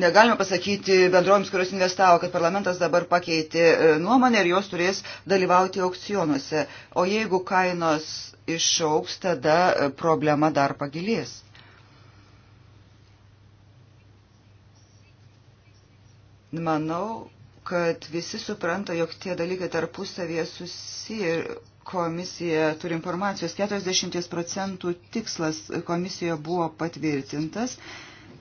negalime pasakyti bendrovėms, kurios investavo, kad parlamentas dabar pakeitė e, nuomonę ir jos turės dalyvauti aukcionuose. O jeigu kainos išauks, tada e, problema dar pagilės. Manau, kad visi supranta, jog tie dalykai tarpusavėje susiję komisija turi informacijos. 40 procentų tikslas komisijoje buvo patvirtintas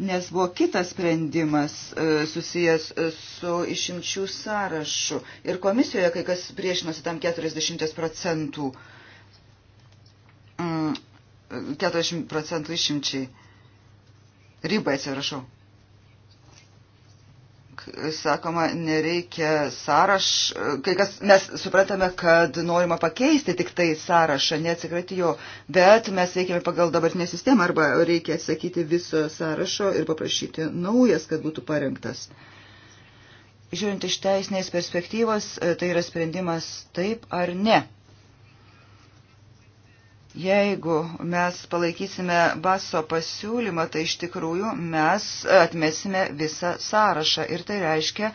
nes buvo kitas sprendimas e, susijęs e, su išimčių sąrašu. Ir komisijoje kai kas priešinosi tam 40 procentų, 40 mm, procentų išimčiai. Ribai, atsiprašau sakoma, nereikia sąraš, kai kas mes suprantame, kad norima pakeisti tik tai sąrašą, neatsikratyti jo, bet mes veikiame pagal dabartinę sistemą arba reikia atsakyti viso sąrašo ir paprašyti naujas, kad būtų parengtas. Žiūrint iš teisinės perspektyvos, tai yra sprendimas taip ar ne. Jeigu mes palaikysime baso pasiūlymą, tai iš tikrųjų mes atmesime visą sąrašą. Ir tai reiškia,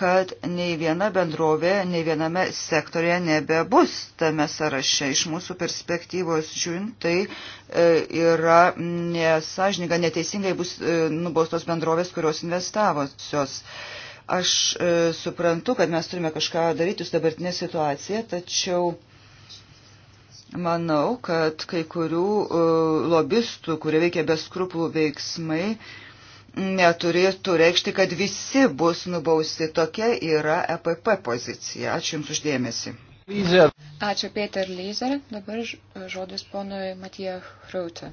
kad nei viena bendrovė, nei viename sektorėje nebebus tame sąraše. Iš mūsų perspektyvos žiūrint, tai e, yra nesažininga, neteisingai bus e, nubaustos bendrovės, kurios investavosios aš e, suprantu, kad mes turime kažką daryti su dabartinė situacija, tačiau Manau, kad kai kurių e, lobistų, kurie veikia beskruplų veiksmai, neturėtų reikšti, kad visi bus nubausti. Tokia yra EPP pozicija. Ačiū Jums uždėmesi. Lyzer. Ačiū Peter Lyzer. Dabar žodis ponui Matija Hrautė.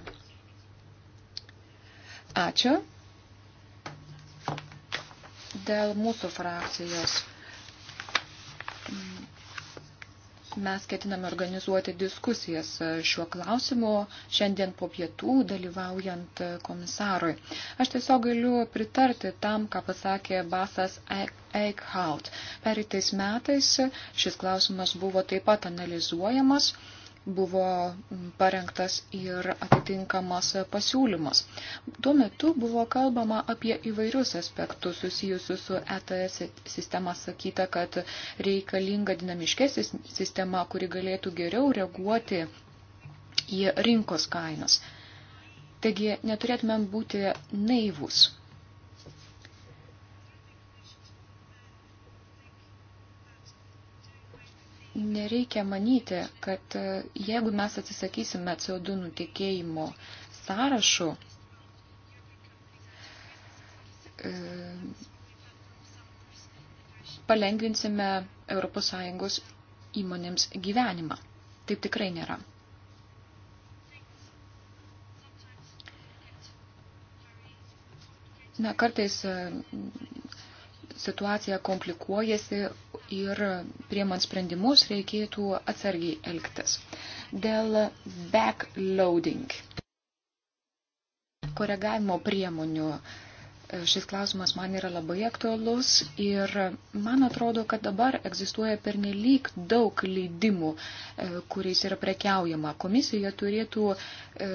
Ačiū. Dėl mūsų frakcijos Mes ketiname organizuoti diskusijas e, šiuo klausimu šiandien po pietų dalyvaujant e, komisarui. Aš tiesiog galiu pritarti tam, ką pasakė Basas e- Eichhout. Pereitais metais šis klausimas buvo taip pat analizuojamas buvo parengtas ir atitinkamas pasiūlymas. Tuo metu buvo kalbama apie įvairius aspektus susijusius su ETS sistema. Sakyta, kad reikalinga dinamiškesnė sistema, kuri galėtų geriau reaguoti į rinkos kainas. Taigi neturėtumėm būti naivus. nereikia manyti, kad e, jeigu mes atsisakysime CO2 nutekėjimo sąrašų, e, palengvinsime ES įmonėms gyvenimą. Taip tikrai nėra. Na, kartais e, situacija komplikuojasi ir priemant sprendimus reikėtų atsargiai elgtis. Dėl backloading koregavimo priemonių e, šis klausimas man yra labai aktualus ir man atrodo, kad dabar egzistuoja pernelyg daug leidimų, e, kuriais yra prekiaujama. Komisija turėtų e,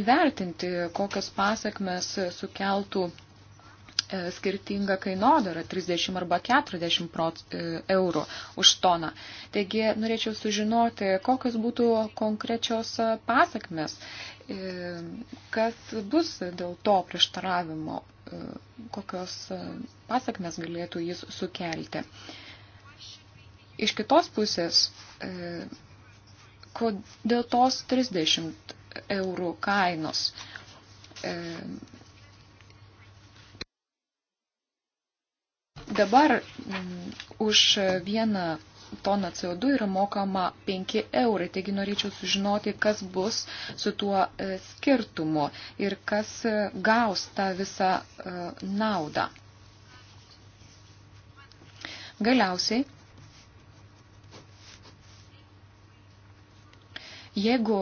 įvertinti, kokias pasakmes sukeltų E, skirtinga kainodara 30 arba 40 e, eurų už toną. Taigi norėčiau sužinoti, kokios būtų konkrečios e, pasakmes, kas bus dėl to prieštaravimo, kokios pasakmes galėtų jis sukelti. Iš kitos pusės, kodėl tos 30 eurų kainos Dabar m, mm, už vieną toną CO2 yra mokama 5 eurai, taigi norėčiau sužinoti, kas bus su tuo e, skirtumu ir kas e, gaus tą visą e, naudą. Galiausiai, jeigu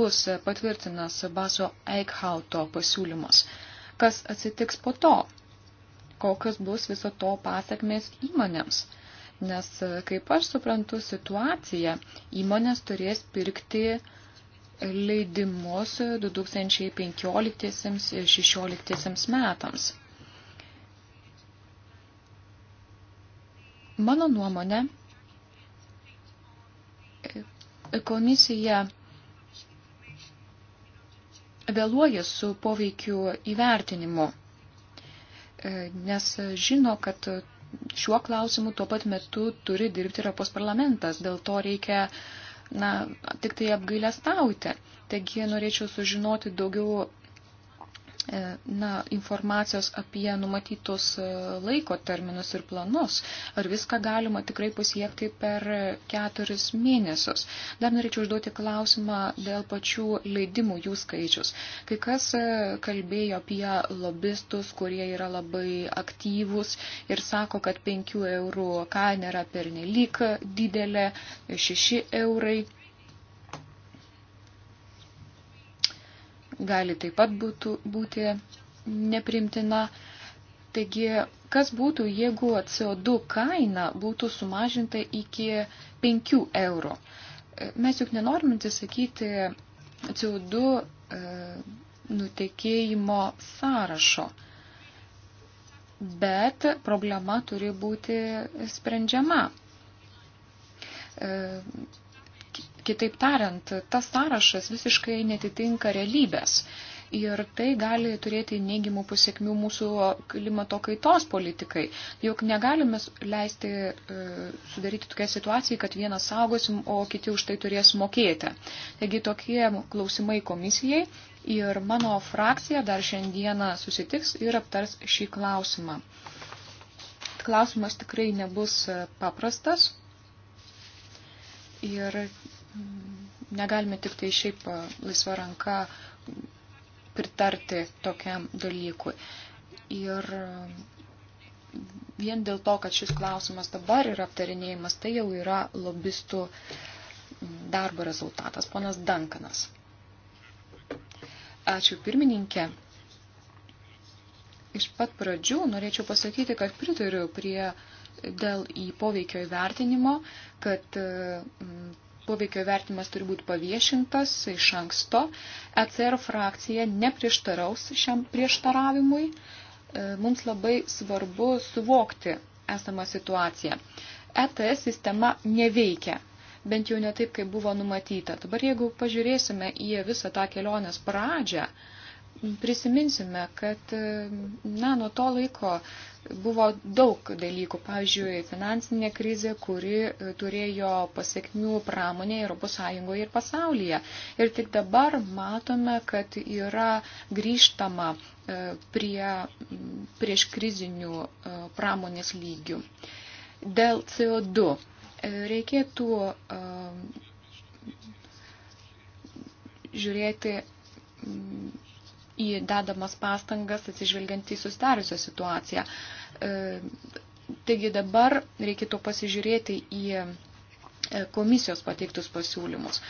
bus patvirtinas Baso Eichhauto pasiūlymas, kas atsitiks po to? kokios bus viso to pasakmės įmonėms. Nes, e, kaip aš suprantu situaciją, įmonės turės pirkti leidimus 2015 ir 2016 metams. Mano nuomonė, e, komisija vėluoja su poveikiu įvertinimu E, nes žino, kad šiuo klausimu tuo pat metu turi dirbti ir Europos parlamentas, dėl to reikia na, tik tai apgailestauti. Taigi norėčiau sužinoti daugiau E, na, informacijos apie numatytus e, laiko terminus ir planus, ar viską galima tikrai pasiekti per keturis mėnesius. Dar norėčiau užduoti klausimą dėl pačių leidimų jų skaičius. Kai kas e, kalbėjo apie lobistus, kurie yra labai aktyvūs ir sako, kad 5 eurų kaina yra pernelyg didelė, 6 eurai gali taip pat būtų, būti neprimtina. Taigi, kas būtų, jeigu CO2 kaina būtų sumažinta iki 5 eurų? Mes juk nenorim atsisakyti CO2 e, nutekėjimo sąrašo, bet problema turi būti sprendžiama. E, Kitaip tariant, tas sąrašas visiškai netitinka realybės. Ir tai gali turėti neigiamų pasiekmių mūsų klimato kaitos politikai. Juk negalime leisti e, sudaryti tokią situaciją, kad vieną saugosim, o kiti už tai turės mokėti. Taigi tokie klausimai komisijai ir mano frakcija dar šiandieną susitiks ir aptars šį klausimą. Klausimas tikrai nebus e, paprastas. Ir negalime tik tai šiaip laisva ranka pritarti tokiam dalykui. Ir vien dėl to, kad šis klausimas dabar yra aptarinėjimas, tai jau yra lobistų darbo rezultatas. Ponas Dankanas. Ačiū pirmininkė. Iš pat pradžių norėčiau pasakyti, kad pritariu prie dėl į poveikio įvertinimo, kad poveikio vertimas turi būti paviešintas iš anksto. ECR frakcija neprieštaraus šiam prieštaravimui. E, mums labai svarbu suvokti esamą situaciją. ETS sistema neveikia, bent jau ne taip, kaip buvo numatyta. Dabar jeigu pažiūrėsime į visą tą kelionės pradžią, prisiminsime, kad na, nuo to laiko buvo daug dalykų. Pavyzdžiui, finansinė krizė, kuri e, turėjo pasiekmių pramonėje Europos Sąjungoje ir pasaulyje. Ir tik dabar matome, kad yra grįžtama e, prie prieš krizinių e, pramonės lygių. Dėl CO2 reikėtų žiūrėti į dedamas pastangas atsižvelgiant į susidariusią situaciją. E, taigi dabar reikėtų pasižiūrėti į e, komisijos pateiktus pasiūlymus.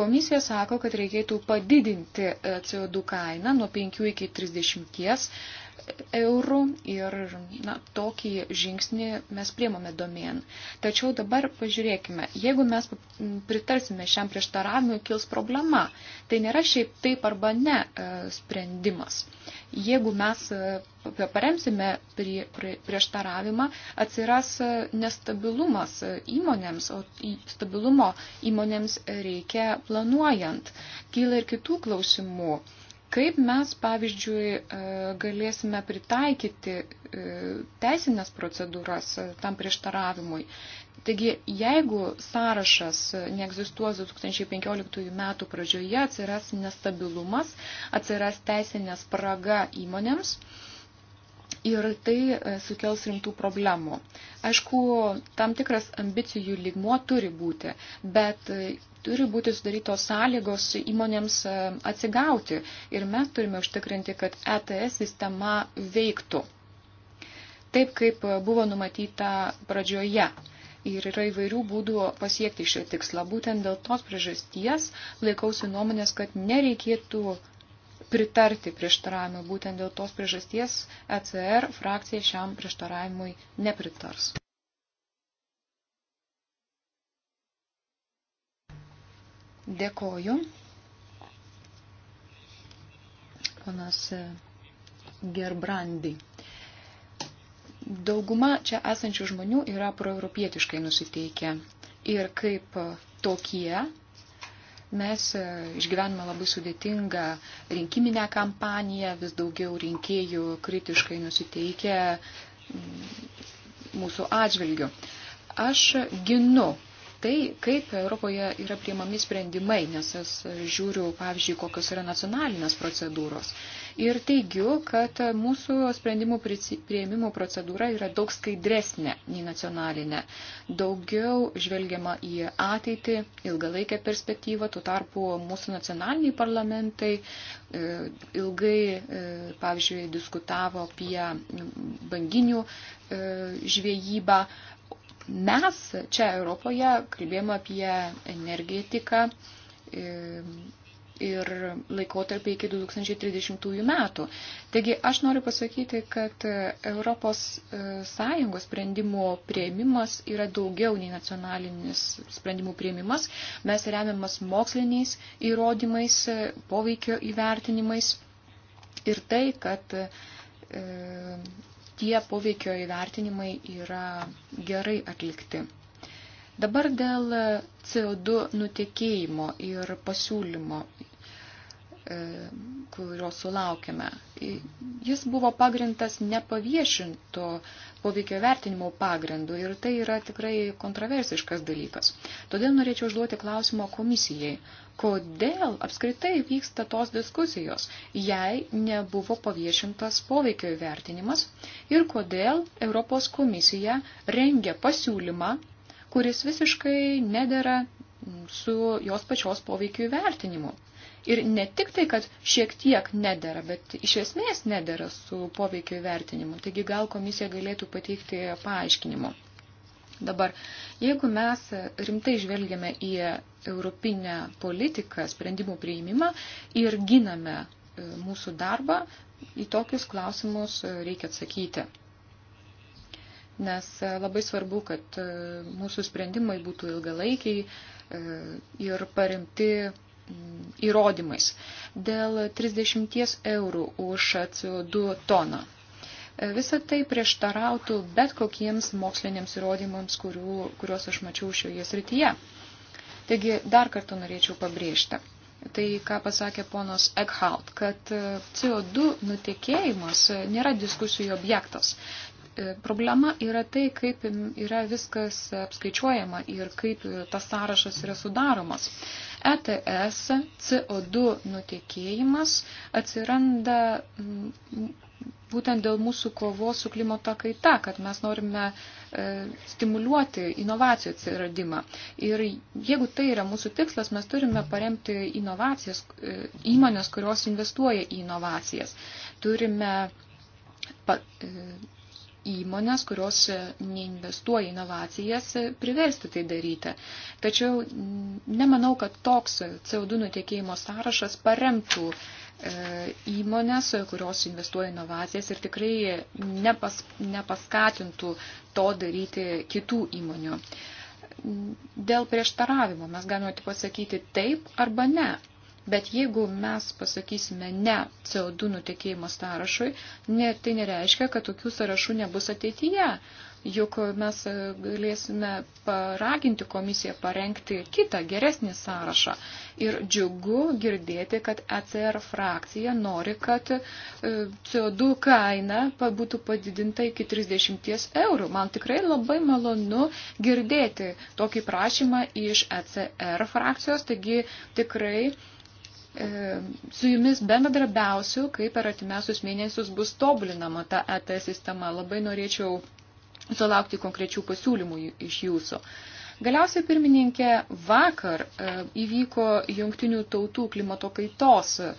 Komisija sako, kad reikėtų padidinti e, CO2 kainą nuo 5 iki 30 eurų ir na, tokį žingsnį mes priemame domėn. Tačiau dabar pažiūrėkime, jeigu mes pritarsime šiam prieštaravimui, kils problema. Tai nėra šiaip taip arba ne e, sprendimas. Jeigu mes e, paremsime prie, prie, prieštaravimą, atsiras e, nestabilumas įmonėms, o stabilumo įmonėms reikia planuojant. Kyla ir kitų klausimų. Kaip mes, pavyzdžiui, e, galėsime pritaikyti e, teisinės procedūras e, tam prieštaravimui? Taigi, jeigu sąrašas neegzistuos 2015 metų pradžioje, atsiras nestabilumas, atsiras teisinė spraga įmonėms ir tai sukels rimtų problemų. Aišku, tam tikras ambicijų lygmuo turi būti, bet turi būti sudarytos sąlygos įmonėms e, atsigauti ir mes turime užtikrinti, kad ETS sistema veiktų taip, kaip e, buvo numatyta pradžioje. Ir yra įvairių būdų pasiekti šio tikslą. Būtent dėl tos priežasties laikausi nuomonės, kad nereikėtų pritarti prieštaravimui. Būtent dėl tos priežasties ECR frakcija šiam prieštaravimui nepritars. Dėkoju. Ponas e, Gerbrandi. Dauguma čia esančių žmonių yra proeuropietiškai nusiteikę. Ir kaip tokie mes e, išgyvename labai sudėtingą rinkiminę kampaniją, vis daugiau rinkėjų kritiškai nusiteikia mūsų atžvilgiu. Aš ginu tai, kaip Europoje yra priimami sprendimai, nes aš žiūriu, pavyzdžiui, kokios yra nacionalinės procedūros. Ir teigiu, kad mūsų sprendimų prieimimo procedūra yra daug skaidresnė nei nacionalinė. Daugiau žvelgiama į ateitį, ilgalaikę perspektyvą, tuo tarpu mūsų nacionaliniai parlamentai e, ilgai, e, pavyzdžiui, diskutavo apie banginių e, žvėjybą, Mes čia Europoje kalbėjome apie energetiką ir laikotarpį iki 2030 metų. Taigi aš noriu pasakyti, kad Europos e, Sąjungos sprendimų prieimimas yra daugiau nei nacionalinis sprendimų prieimimas. Mes remiamas moksliniais įrodymais, e, poveikio įvertinimais ir tai, kad e, tie poveikio įvertinimai yra gerai atlikti. Dabar dėl CO2 nutekėjimo ir pasiūlymo E, kurio sulaukime. Jis buvo pagrindas nepaviešinto poveikio vertinimo pagrindu ir tai yra tikrai kontroversiškas dalykas. Todėl norėčiau užduoti klausimą komisijai, kodėl apskritai vyksta tos diskusijos, jei nebuvo paviešintas poveikio vertinimas ir kodėl Europos komisija rengia pasiūlymą, kuris visiškai nedėra su jos pačios poveikio vertinimu. Ir ne tik tai, kad šiek tiek nedėra, bet iš esmės nedėra su poveikio įvertinimu. Taigi gal komisija galėtų pateikti paaiškinimu. Dabar, jeigu mes rimtai žvelgiame į europinę politiką, sprendimų priimimą ir giname e, mūsų darbą, į tokius klausimus e, reikia atsakyti. Nes e, labai svarbu, kad mūsų sprendimai būtų ilgalaikiai ir paremti įrodymais dėl 30 eurų už CO2 toną. Visą tai prieštarautų bet kokiems moksliniams įrodymams, kurių, kuriuos aš mačiau šioje srityje. Taigi dar kartą norėčiau pabrėžti. Tai, ką pasakė ponas Eckhout, kad CO2 nutekėjimas nėra diskusijų objektas. E, problema yra tai, kaip yra viskas apskaičiuojama ir kaip tas sąrašas yra sudaromas. ETS CO2 nutekėjimas atsiranda būtent dėl mūsų kovos su klimato kaita, kad mes norime e, stimuliuoti inovacijų atsiradimą. Ir jeigu tai yra mūsų tikslas, mes turime paremti inovacijas, e, įmonės, kurios investuoja į inovacijas. Turime pa, įmonės, kurios neinvestuoja inovacijas, priversti tai daryti. Tačiau nemanau, kad toks CO2 nutiekėjimo sąrašas paremtų e, įmonės, kurios investuoja inovacijas ir tikrai nepas, nepaskatintų to daryti kitų įmonių. Dėl prieštaravimo mes galime tik pasakyti taip arba ne. Bet jeigu mes pasakysime ne CO2 nutekėjimo sąrašui, ne, tai nereiškia, kad tokių sąrašų nebus ateityje. Juk mes galėsime paraginti komisiją parengti kitą geresnį sąrašą. Ir džiugu girdėti, kad ECR frakcija nori, kad e, CO2 kaina būtų padidinta iki 30 eurų. Man tikrai labai malonu girdėti tokį prašymą iš ECR frakcijos, taigi tikrai E, su jumis bendradarbiausiu, kaip per artimiausius mėnesius bus tobulinama ta ET sistema. Labai norėčiau sulaukti konkrečių pasiūlymų iš jūsų. Galiausiai, pirmininkė, vakar e, įvyko jungtinių tautų klimato kaitos e,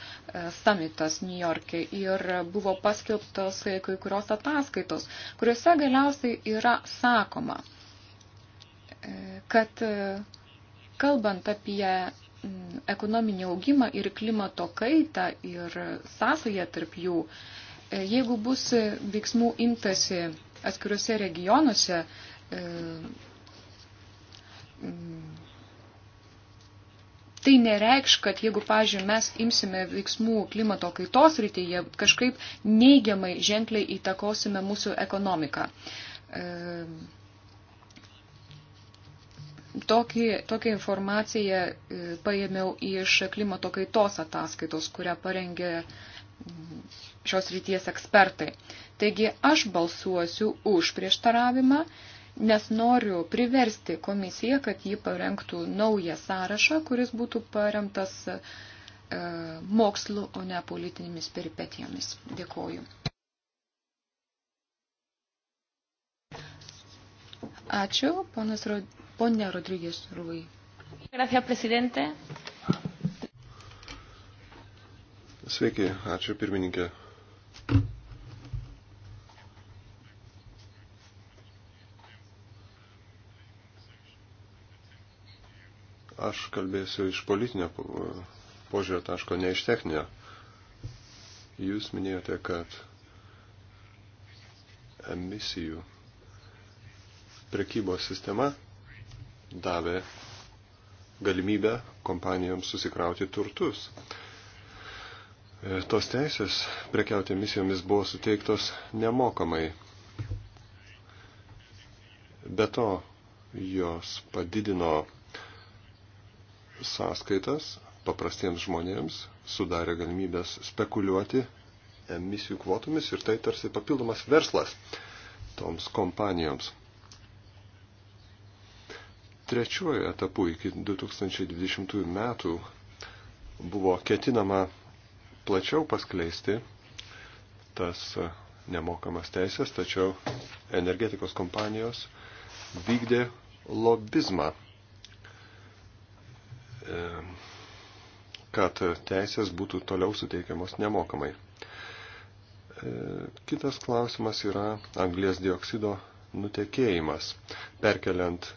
samitas New York'e ir buvo paskelbtos kai kurios ataskaitos, kuriuose galiausiai yra sakoma, kad kalbant apie Mm, ekonominį augimą ir klimato kaitą ir sąsają tarp jų, e, jeigu bus veiksmų imtasi atskiruose regionuose, e, mm, tai nereikš, kad jeigu, pažiūrėjau, mes imsime veiksmų klimato kaitos rytyje, kažkaip neigiamai ženkliai įtakosime mūsų ekonomiką. E, Tokį, tokią informaciją e, paėmiau iš klimato kaitos ataskaitos, kurią parengė mm, šios ryties ekspertai. Taigi aš balsuosiu už prieštaravimą, nes noriu priversti komisiją, kad ji parengtų naują sąrašą, kuris būtų paremtas e, mokslu, o ne politinėmis peripetijomis. Dėkoju. Ačiū, ponas Rodė. Pone Rodrygės Ruvai. Gracias, prezidente. Sveiki, ačiū pirmininkė. Aš kalbėsiu iš politinio požiūrio taško, ne iš techninio. Jūs minėjote, kad emisijų prekybos sistema davė galimybę kompanijoms susikrauti turtus. E, tos teisės prekiauti misijomis buvo suteiktos nemokamai. Be to, jos padidino sąskaitas paprastiems žmonėms, sudarė galimybės spekuliuoti emisijų kvotomis ir tai tarsi papildomas verslas toms kompanijoms. Trečiuoju etapu iki 2020 metų buvo ketinama plačiau paskleisti tas e, nemokamas teisės, tačiau energetikos kompanijos vykdė lobizmą, e, kad teisės būtų toliau suteikiamos nemokamai. E, kitas klausimas yra anglės dioksido nutekėjimas, perkeliant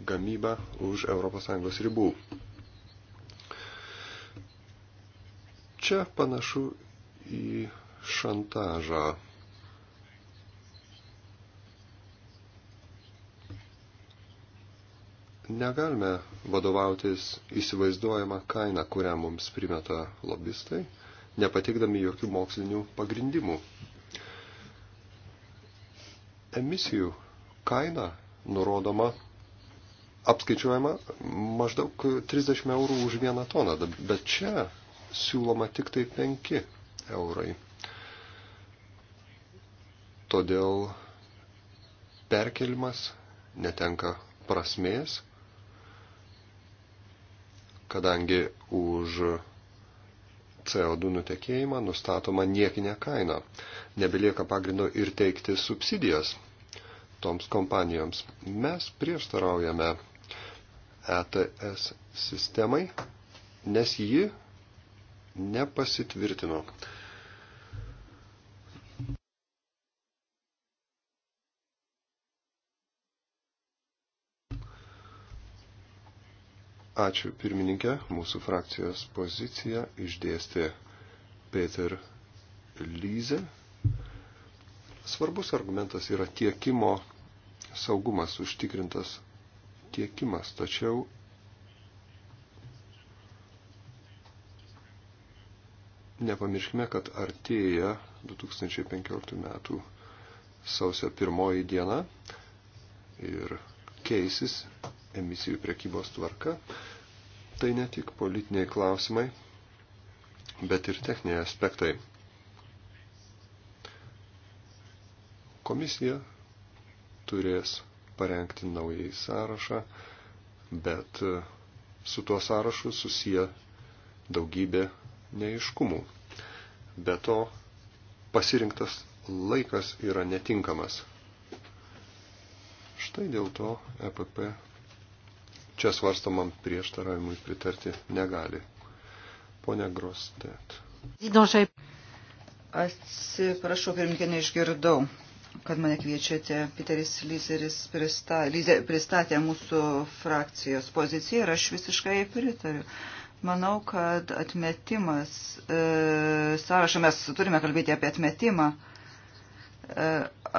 gamybą už ES ribų. Čia panašu į šantažą. Negalime vadovautis įsivaizduojama kaina, kurią mums primeta lobistai, nepatikdami jokių mokslinių pagrindimų. Emisijų kaina nurodoma apskaičiuojama maždaug 30 eurų už vieną toną, bet čia siūloma tik tai 5 eurai. Todėl perkelimas netenka prasmės, kadangi už CO2 nutekėjimą nustatoma niekinė kaina. Nebelieka pagrindo ir teikti subsidijas toms kompanijoms. Mes prieštaraujame ETS sistemai, nes ji nepasitvirtino. Ačiū pirmininkė, mūsų frakcijos poziciją išdėstė Peter Lyze. Svarbus argumentas yra tiekimo saugumas užtikrintas tiekimas, tačiau nepamirškime, kad artėja 2015 metų sausio pirmoji diena ir keisis emisijų prekybos tvarka. Tai ne tik politiniai klausimai, bet ir techniniai aspektai. Komisija turės parengti naująjį sąrašą, bet su tuo sąrašu susiję daugybė neiškumų. Be to, pasirinktas laikas yra netinkamas. Štai dėl to EPP čia svarstamam prieštaravimui pritarti negali. Pone Grostet. Atsiprašau, pirmkė, neišgirdau kad mane kviečiate. Piteris Lyzeris prista, Lyzer pristatė mūsų frakcijos poziciją ir aš visiškai pritariu. Manau, kad atmetimas, e, sąrašą mes turime kalbėti apie atmetimą, e,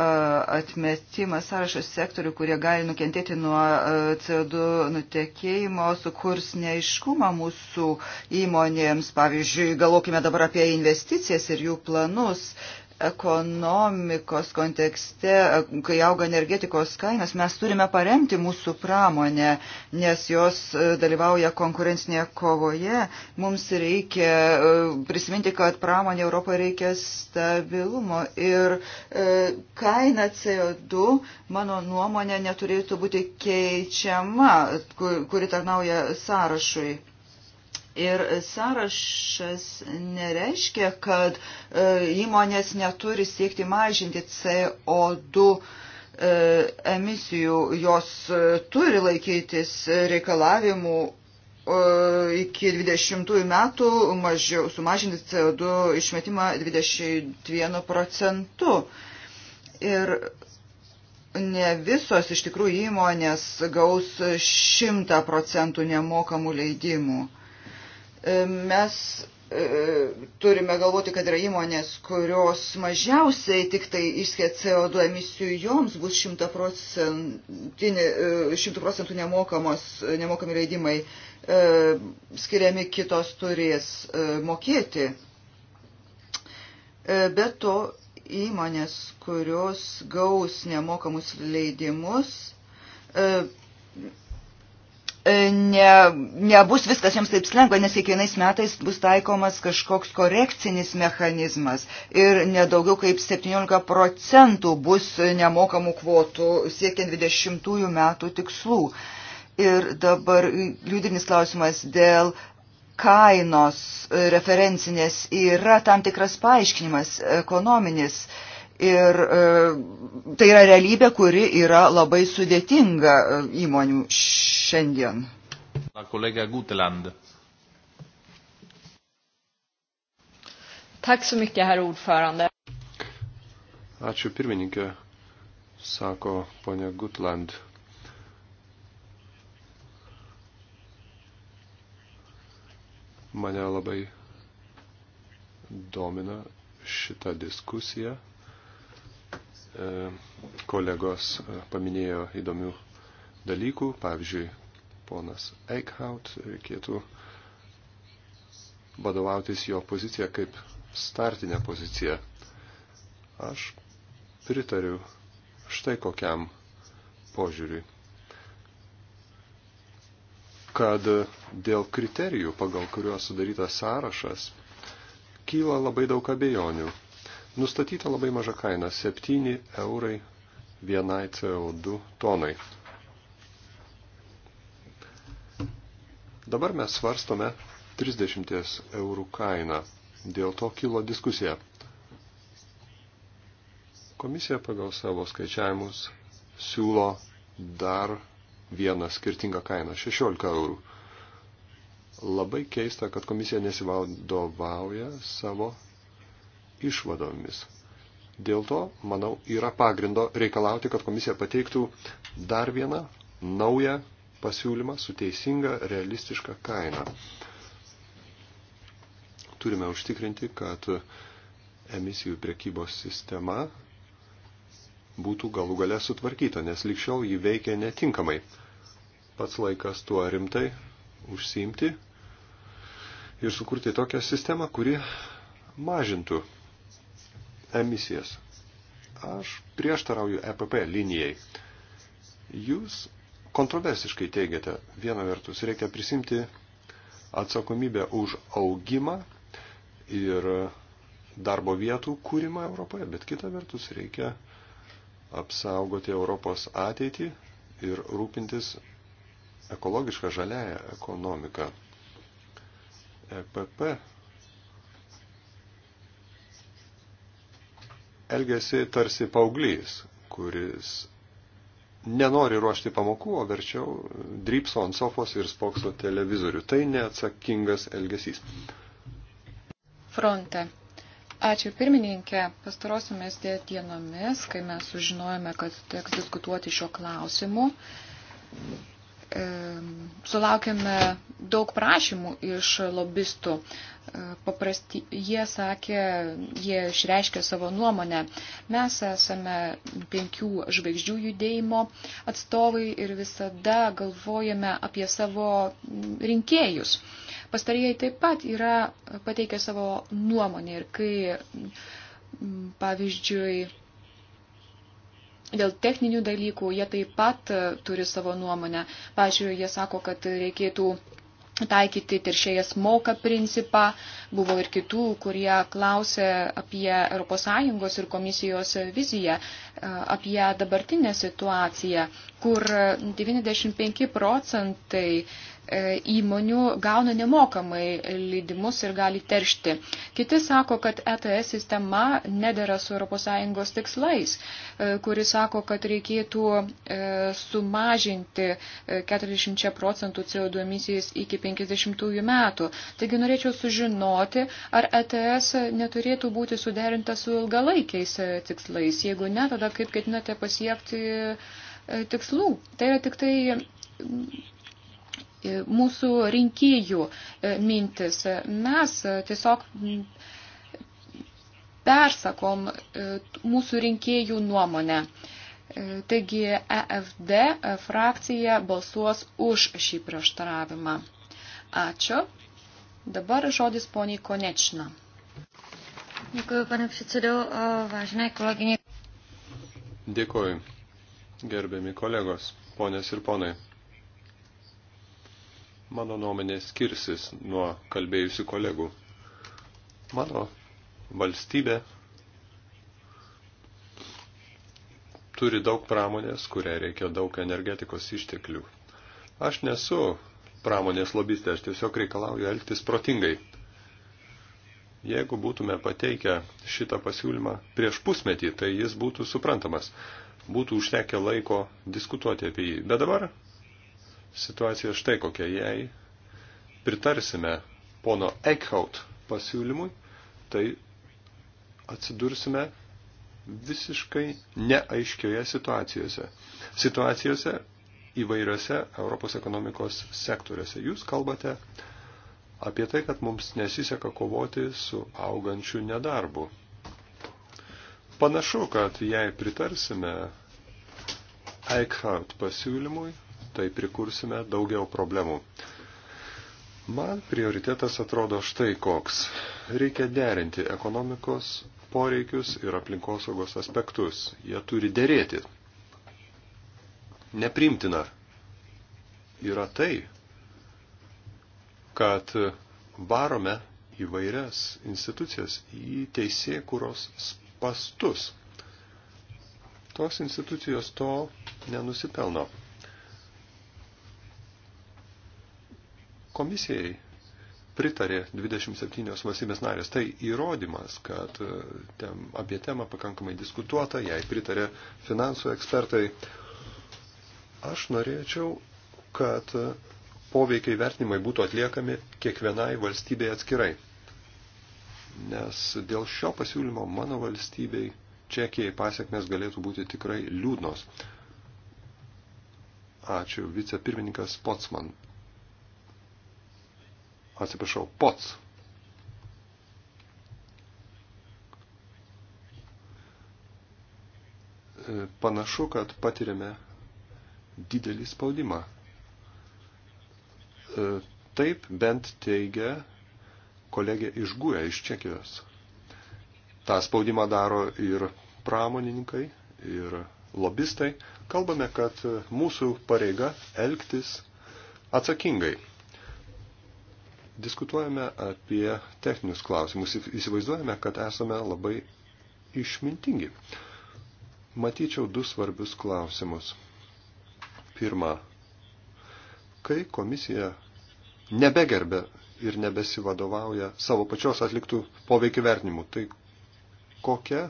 atmetimas sąrašas sektorių, kurie gali nukentėti nuo e, CO2 nutekėjimo, sukurs neiškumą mūsų įmonėms. Pavyzdžiui, galvokime dabar apie investicijas ir jų planus. E, ekonomikos kontekste, kai auga energetikos kainas, mes turime paremti mūsų pramonę, nes jos e, dalyvauja konkurencinėje kovoje. Mums reikia e, prisiminti, kad pramonė Europoje reikia stabilumo ir e, kaina CO2, mano nuomonė, neturėtų būti keičiama, kuri tarnauja sąrašui Ir sąrašas nereiškia, kad e, įmonės neturi siekti mažinti CO2 e, emisijų, jos e, turi laikytis reikalavimų iki 20 metų mažiau, sumažinti CO2 išmetimą 21 procentu. Ir ne visos iš tikrųjų įmonės gaus 100 procentų nemokamų leidimų. Mes e, turime galvoti, kad yra įmonės, kurios mažiausiai tik tai išskia CO2 emisijų, joms bus 100 e, procentų nemokamos, nemokami leidimai e, skiriami, kitos turės mokėti. Be to, įmonės, kurios gaus nemokamus leidimus, E, ne, nebus viskas jiems taip slengva, nes kiekvienais metais bus taikomas kažkoks korekcinis mechanizmas ir nedaugiau kaip 17 procentų bus nemokamų kvotų siekiant 20 metų tikslų. Ir dabar liūdinis klausimas dėl kainos referencinės yra tam tikras paaiškinimas ekonominis. E, Ir e, tai yra realybė, kuri yra labai sudėtinga e, įmonių šiandien. La kolega Guteland. Tack så mycket, herr ordförande. Ačiū pirmininkė, sako ponia Gutland. Mane labai domina šita diskusija. E, kolegos e, paminėjo įdomių dalykų, pavyzdžiui, ponas Eichhout, reikėtų vadovautis jo poziciją kaip startinę poziciją. Aš pritariu štai kokiam požiūriui, kad dėl kriterijų, pagal kuriuos sudarytas sąrašas, kyla labai daug abejonių. Nustatyta labai maža kaina - 7 eurai vienai CO2 tonai. Dabar mes svarstome 30 eurų kainą. Dėl to kilo diskusija. Komisija pagal savo skaičiavimus siūlo dar vieną skirtingą kainą - 16 eurų. Labai keista, kad komisija nesivadovauja savo išvadomis. Dėl to, manau, yra pagrindo reikalauti, kad komisija pateiktų dar vieną naują pasiūlymą su teisinga, realistiška kaina. Turime užtikrinti, kad emisijų prekybos sistema būtų galų gale sutvarkyta, nes likščiau jį veikia netinkamai. Pats laikas tuo rimtai užsiimti ir sukurti tokią sistemą, kuri mažintų emisijas. Aš prieštarauju EPP linijai. Jūs kontroversiškai teigiate, viena vertus, reikia prisimti atsakomybę už augimą ir darbo vietų kūrimą Europoje, bet kita vertus reikia apsaugoti Europos ateitį ir rūpintis ekologišką žaliąją ekonomiką. EPP elgesi tarsi paauglys, kuris nenori ruošti pamokų, o verčiau drypso ant sofos ir spokso televizorių. Tai neatsakingas elgesys. Fronte. Ačiū pirmininkė. Pastarosiomis dienomis, kai mes sužinojome, kad teks diskutuoti šio klausimu, sulaukėme daug prašymų iš lobistų. Paprasti, jie sakė, jie išreiškė savo nuomonę. Mes esame penkių žvaigždžių judėjimo atstovai ir visada galvojame apie savo rinkėjus. Pastarieji taip pat yra pateikę savo nuomonę ir kai, pavyzdžiui, Dėl techninių dalykų jie taip pat e, turi savo nuomonę. Pavyzdžiui, jie sako, kad reikėtų taikyti teršėjas moka principą. Buvo ir kitų, kurie klausė apie ES ir komisijos viziją, e, apie dabartinę situaciją, kur 95 e, procentai E, įmonių gauna nemokamai leidimus ir gali teršti. Kiti sako, kad ETS sistema nedėra su ES tikslais, e, kuri sako, kad reikėtų e, sumažinti 40 procentų CO2 emisijas iki 50 metų. Taigi norėčiau sužinoti, ar ETS neturėtų būti suderinta su ilgalaikiais tikslais. Jeigu ne, tada kaip ketinate pasiekti tikslų. Tai yra tik tai E, mūsų rinkėjų e, mintis. Mes tiesiog persakom e, mūsų rinkėjų nuomonę. Taigi EFD frakcija balsuos už šį prieštaravimą. Ačiū. Dabar žodis poniai Konečina. Dėkuoju, pane předsedo, vážené kolegyně. Dėkuoju, gerbiami kolegos, ponės ir ponai mano nuomonė skirsis nuo kalbėjusių kolegų. Mano valstybė turi daug pramonės, kuriai reikia daug energetikos išteklių. Aš nesu pramonės lobistė, aš tiesiog reikalauju elgtis protingai. Jeigu būtume pateikę šitą pasiūlymą prieš pusmetį, tai jis būtų suprantamas. Būtų užtekę laiko diskutuoti apie jį. Bet dabar situacija štai kokia. Jei pritarsime pono Eichhout pasiūlymui, tai atsidursime visiškai neaiškioje situacijose. Situacijose įvairiose Europos ekonomikos sektoriuose. Jūs kalbate apie tai, kad mums nesiseka kovoti su augančiu nedarbu. Panašu, kad jei pritarsime Eichhardt pasiūlymui, tai prikursime daugiau problemų. Man prioritetas atrodo štai koks. Reikia derinti ekonomikos poreikius ir aplinkosaugos aspektus. Jie turi dėrėti. Neprimtina yra tai, kad varome įvairias institucijas į teisėkuros spastus. Tos institucijos to nenusipelno. Komisijai pritarė 27 valstybės narės. Tai įrodymas, kad e, tem, apie temą pakankamai diskutuota, jai pritarė finansų ekspertai. Aš norėčiau, kad e, poveikiai vertinimai būtų atliekami kiekvienai valstybei atskirai. Nes dėl šio pasiūlymo mano valstybei Čekijai pasiekmes galėtų būti tikrai liūdnos. Ačiū, vicepirmininkas Potsman atsiprašau, POTS. E, panašu, kad patiriame didelį spaudimą. E, taip bent teigia kolegė iš Guja, iš Čekijos. Ta spaudimą daro ir pramonininkai, ir lobistai. Kalbame, kad mūsų pareiga elgtis atsakingai. Diskutuojame apie techninius klausimus. Įsivaizduojame, kad esame labai išmintingi. Matyčiau du svarbius klausimus. Pirma, kai komisija nebegerbė ir nebesivadovauja savo pačios atliktų poveikį vertinimu, tai kokia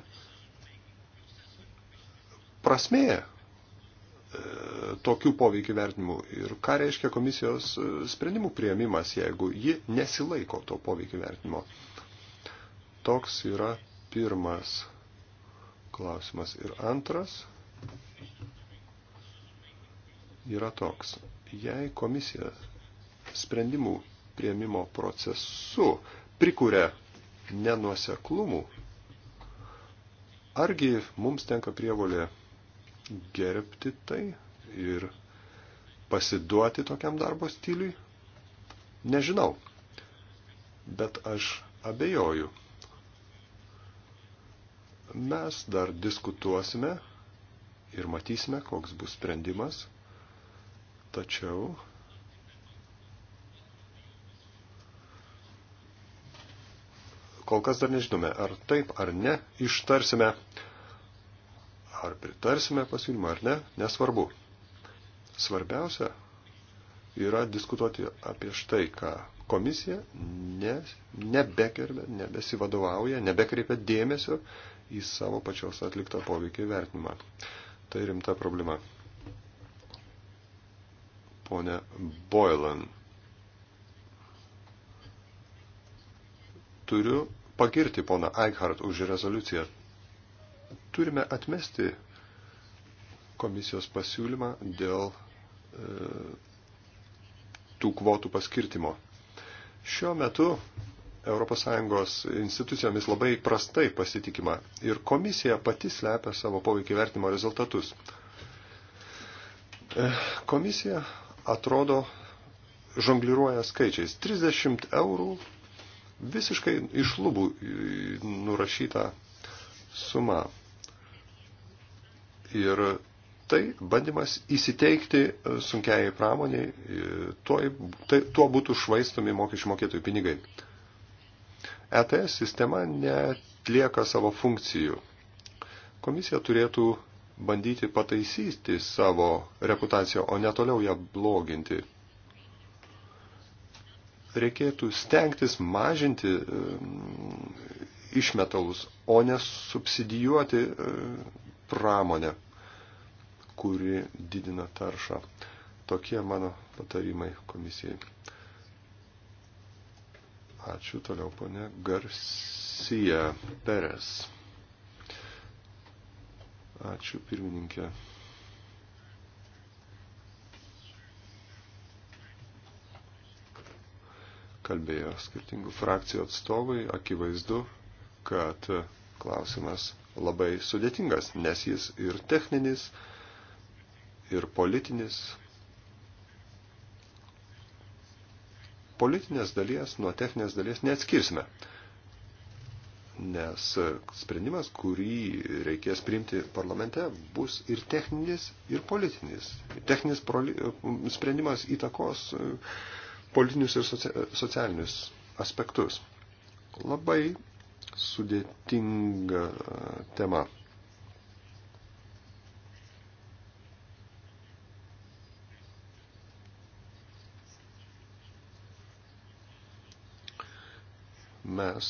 prasmė tokių poveikių vertinimų ir ką reiškia komisijos e, sprendimų prieimimas, jeigu ji nesilaiko to poveikių vertinimo. Toks yra pirmas klausimas. Ir antras yra toks. Jei komisija sprendimų prieimimo procesu prikuria nenuoseklumų, argi mums tenka prievolė gerbti tai ir pasiduoti tokiam darbo stiliui? Nežinau, bet aš abejoju. Mes dar diskutuosime ir matysime, koks bus sprendimas, tačiau kol kas dar nežinome, ar taip ar ne ištarsime, ar pritarsime pasiūlymą ar ne, nesvarbu. Svarbiausia yra diskutuoti apie štai ką. Komisija ne, nebekerbė, nebesivadovauja, nebekreipia dėmesio į savo pačios atliktą poveikį vertinimą. Tai rimta problema. Pone Boylan, turiu pagirti poną Eichhardt už rezoliuciją. Turime atmesti komisijos pasiūlymą dėl E, tų kvotų paskirtimo. Šiuo metu ES institucijomis labai prastai pasitikima ir komisija pati slepia savo poveikį vertimo rezultatus. E, komisija atrodo žongliruoja skaičiais. 30 eurų visiškai iš lubų nurašyta suma. Ir Tai bandymas įsiteikti e, sunkiai pramoniai, e, tuo, tai, tuo būtų švaistomi mokesčių mokėtojų pinigai. ETS sistema netlieka savo funkcijų. Komisija turėtų bandyti pataisyti savo reputaciją, o ne toliau ją bloginti. Reikėtų stengtis mažinti e, išmetalus, o ne subsidijuoti pramonę kuri didina taršą. Tokie mano patarimai komisijai. Ačiū toliau, ponė Garcia Perez. Ačiū pirmininkė. Kalbėjo skirtingų frakcijų atstovai, akivaizdu, kad klausimas labai sudėtingas, nes jis ir techninis, ir politinis. Politinės dalies nuo techninės dalies neatskirsime, nes sprendimas, kurį reikės priimti parlamente, bus ir techninis, ir politinis. Techninis proli, sprendimas įtakos politinius ir socialinius aspektus. Labai sudėtinga tema. mes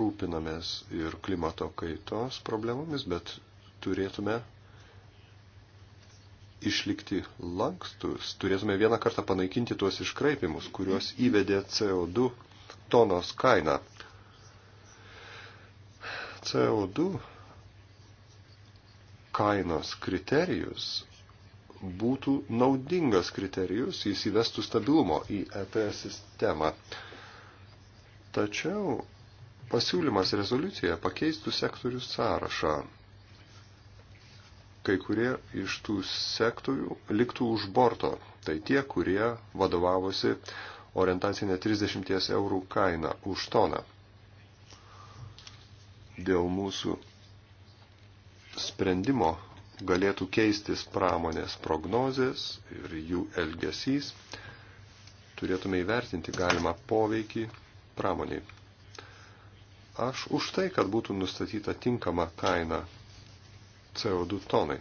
rūpinamės ir klimato kaitos problemomis, bet turėtume išlikti lankstus, turėtume vieną kartą panaikinti tuos iškraipimus, kuriuos įvedė CO2 tonos kaina. CO2 kainos kriterijus būtų naudingas kriterijus, jis įvestų stabilumo į ETS sistemą. Tačiau pasiūlymas rezoliucijoje pakeistų sektorių sąrašą. Kai kurie iš tų sektorių liktų už borto, tai tie, kurie vadovavosi orientacinė 30 eurų kaina už toną. Dėl mūsų sprendimo galėtų keistis pramonės prognozės ir jų elgesys. Turėtume įvertinti galimą poveikį pramoniai. Aš už tai, kad būtų nustatyta tinkama kaina CO2 tonai.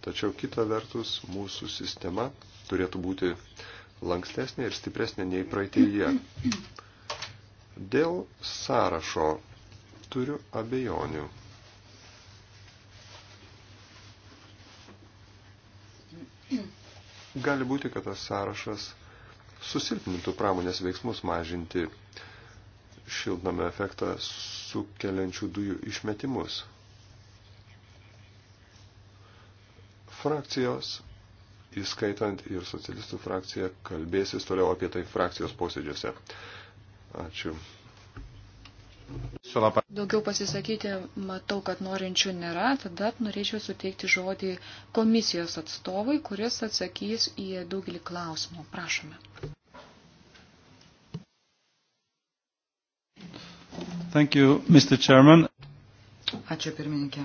Tačiau kita vertus, mūsų sistema turėtų būti lankstesnė ir stipresnė nei praeitėje. Dėl sąrašo turiu abejonių. Gali būti, kad tas sąrašas susilpnintų pramonės veiksmus mažinti šiltnamio efektą sukeliančių dujų išmetimus. Frakcijos, įskaitant ir socialistų frakciją, kalbėsis toliau apie tai frakcijos posėdžiuose. Ačiū. Daugiau pasisakyti, matau, kad norinčių nėra, tada norėčiau suteikti žodį komisijos atstovui, kuris atsakys į daugelį klausimų. Prašome. Thank you, Mr. Chairman. Ačiū pirmininkė.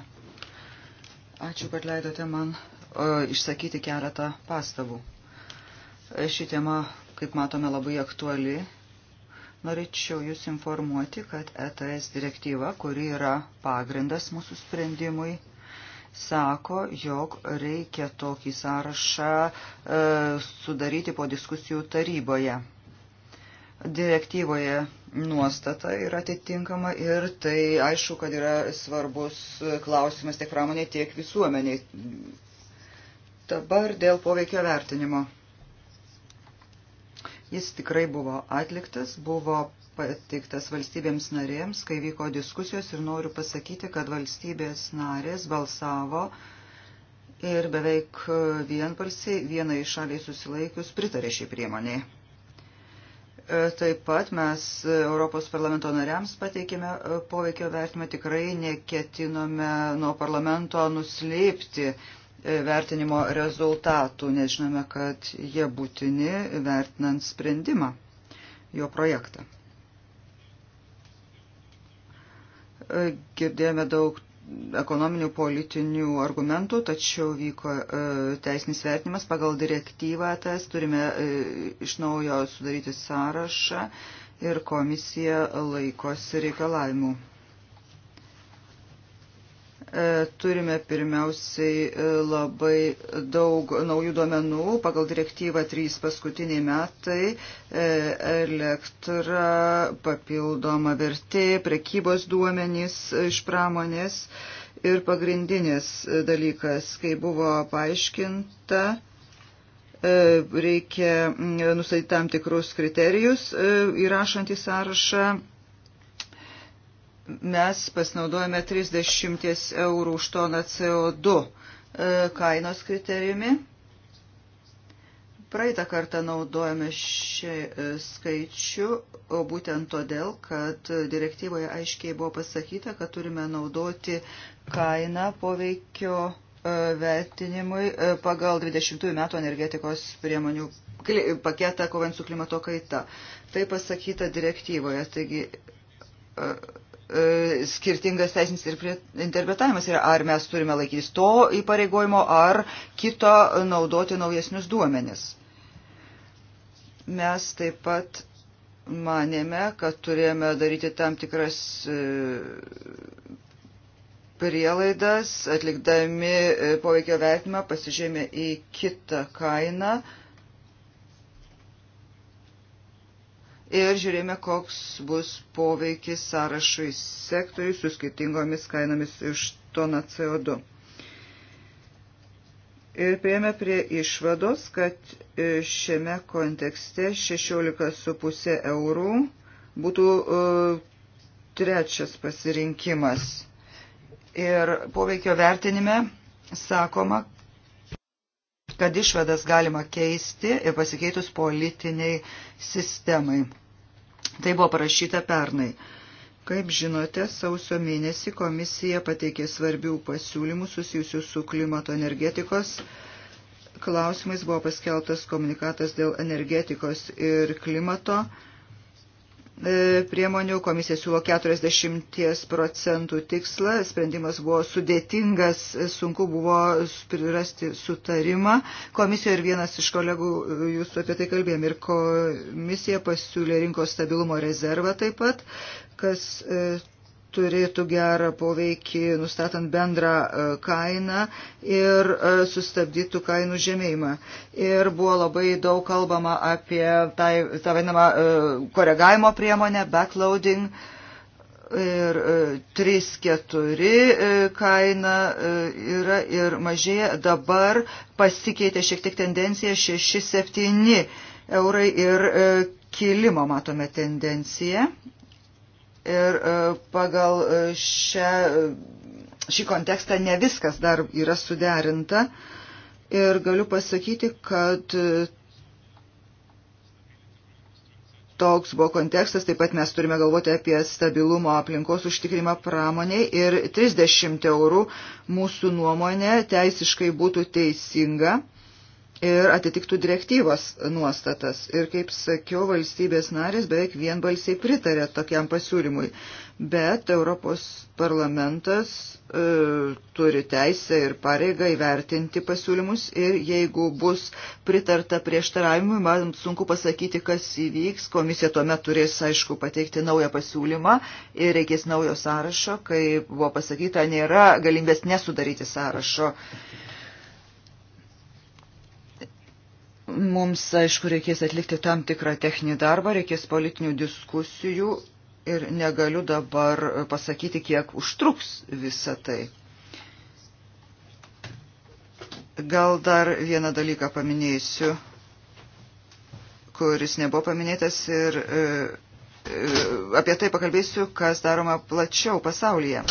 Ačiū, kad leidote man o, e, išsakyti keletą pastabų. E, ši tema, kaip matome, labai aktuali. Norėčiau Jūs informuoti, kad ETS direktyva, kuri yra pagrindas mūsų sprendimui, sako, jog reikia tokį sąrašą e, sudaryti po diskusijų taryboje direktyvoje nuostata yra atitinkama ir tai aišku, kad yra svarbus klausimas tiek pramonė, tiek visuomeniai. Dabar dėl poveikio vertinimo. Jis tikrai buvo atliktas, buvo pateiktas valstybėms narėms, kai vyko diskusijos ir noriu pasakyti, kad valstybės narės balsavo ir beveik vienbalsiai vienai šaliai susilaikius pritarė šį priemonėje. E, taip pat mes Europos parlamento nariams pateikėme e, poveikio vertimą, tikrai neketinome nuo parlamento nuslėpti e, vertinimo rezultatų, nes žinome, kad jie būtini vertinant sprendimą, jo projektą. Girdėjome daug ekonominių politinių argumentų, tačiau vyko e, teisinis vertinimas pagal direktyvą tas, turime e, iš naujo sudaryti sąrašą ir komisija laikosi reikalavimų. E, turime pirmiausiai e, labai daug naujų duomenų. Pagal direktyvą 3 paskutiniai metai e, elektra, papildoma vertė, prekybos duomenys iš pramonės ir pagrindinis dalykas, kai buvo paaiškinta reikia nustatyti tam tikrus kriterijus įrašant į sąrašą mes pasinaudojame 30 eurų už toną CO2 e, kainos kriterijumi. Praeitą kartą naudojame šį e, skaičių, o būtent todėl, kad direktyvoje aiškiai buvo pasakyta, kad turime naudoti kainą poveikio e, vertinimui pagal 20 metų energetikos priemonių paketą kovant su klimato kaita. Tai pasakyta direktyvoje. Taigi E, skirtingas teisinis interpretavimas yra, ar mes turime laikytis to įpareigojimo, ar kito naudoti naujesnius duomenis. Mes taip pat manėme, kad turėjome daryti tam tikras e, prielaidas, atlikdami e, poveikio vertimą, pasižiūrėjome į kitą kainą ir žiūrėjome, koks bus poveikis sąrašui sektoriui su skirtingomis kainomis iš toną CO2. Ir prieėmė prie išvados, kad e, šiame kontekste 16,5 eurų būtų uh, trečias pasirinkimas. Ir poveikio vertinime sakoma, kad išvadas galima keisti ir pasikeitus politiniai sistemai. Tai buvo parašyta pernai. Kaip žinote, sausio mėnesį komisija pateikė svarbių pasiūlymų susijusių su klimato energetikos klausimais. Buvo paskeltas komunikatas dėl energetikos ir klimato. E, priemonių, komisija siūlo 40 procentų tikslą, sprendimas buvo sudėtingas, sunku buvo prirasti sutarimą. Komisija ir vienas iš kolegų, jūs apie tai kalbėjom, ir komisija pasiūlė rinkos stabilumo rezervą taip pat, kas e, turėtų gerą poveikį nustatant bendrą e, kainą ir e, sustabdytų kainų žemėjimą. Ir buvo labai daug kalbama apie tai, tą vadinamą e, koregavimo priemonę, backloading. Ir 3-4 kaina yra ir mažėja. Dabar pasikeitė šiek tiek tendencija 6-7 eurai ir kilimo matome tendenciją Ir e, pagal e, šią, e, šį kontekstą ne viskas dar yra suderinta. Ir galiu pasakyti, kad toks buvo kontekstas, taip pat mes turime galvoti apie stabilumo aplinkos užtikrimą pramoniai ir 30 eurų mūsų nuomonė teisiškai būtų teisinga ir atitiktų direktyvos nuostatas. Ir kaip sakiau, valstybės narės beveik vienbalsiai pritarė tokiam pasiūlymui. Bet Europos parlamentas e, turi teisę ir pareigą įvertinti pasiūlymus ir jeigu bus pritarta prieštaravimui, man sunku pasakyti, kas įvyks. Komisija tuomet turės, aišku, pateikti naują pasiūlymą ir reikės naujo sąrašo, kai buvo pasakyta, nėra galimybės nesudaryti sąrašo. E, Mums, aišku, reikės atlikti tam tikrą techninį darbą, reikės politinių diskusijų ir negaliu dabar pasakyti, kiek užtruks visa tai. Gal dar vieną dalyką paminėsiu, kuris nebuvo paminėtas ir e, e, apie tai pakalbėsiu, kas daroma plačiau pasaulyje.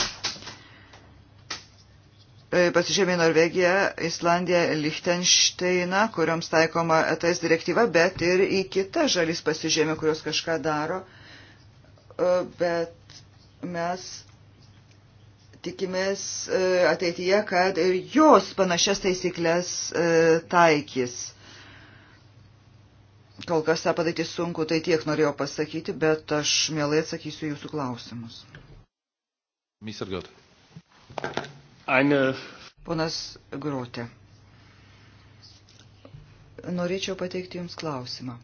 E, pasižymė Norvegiją, Islandiją, Lichtensteiną, kuriuoms taikoma ETS direktyva, bet ir į kitas žalis pasižymė, kurios kažką daro. E, bet mes tikimės e, ateityje, kad ir jos panašias taisyklės taikys. Kol kas tą padaryti sunku, tai tiek norėjau pasakyti, bet aš mielai atsakysiu jūsų klausimus. Mr. God eine... Ponas Grote, norėčiau pateikti Jums klausimą.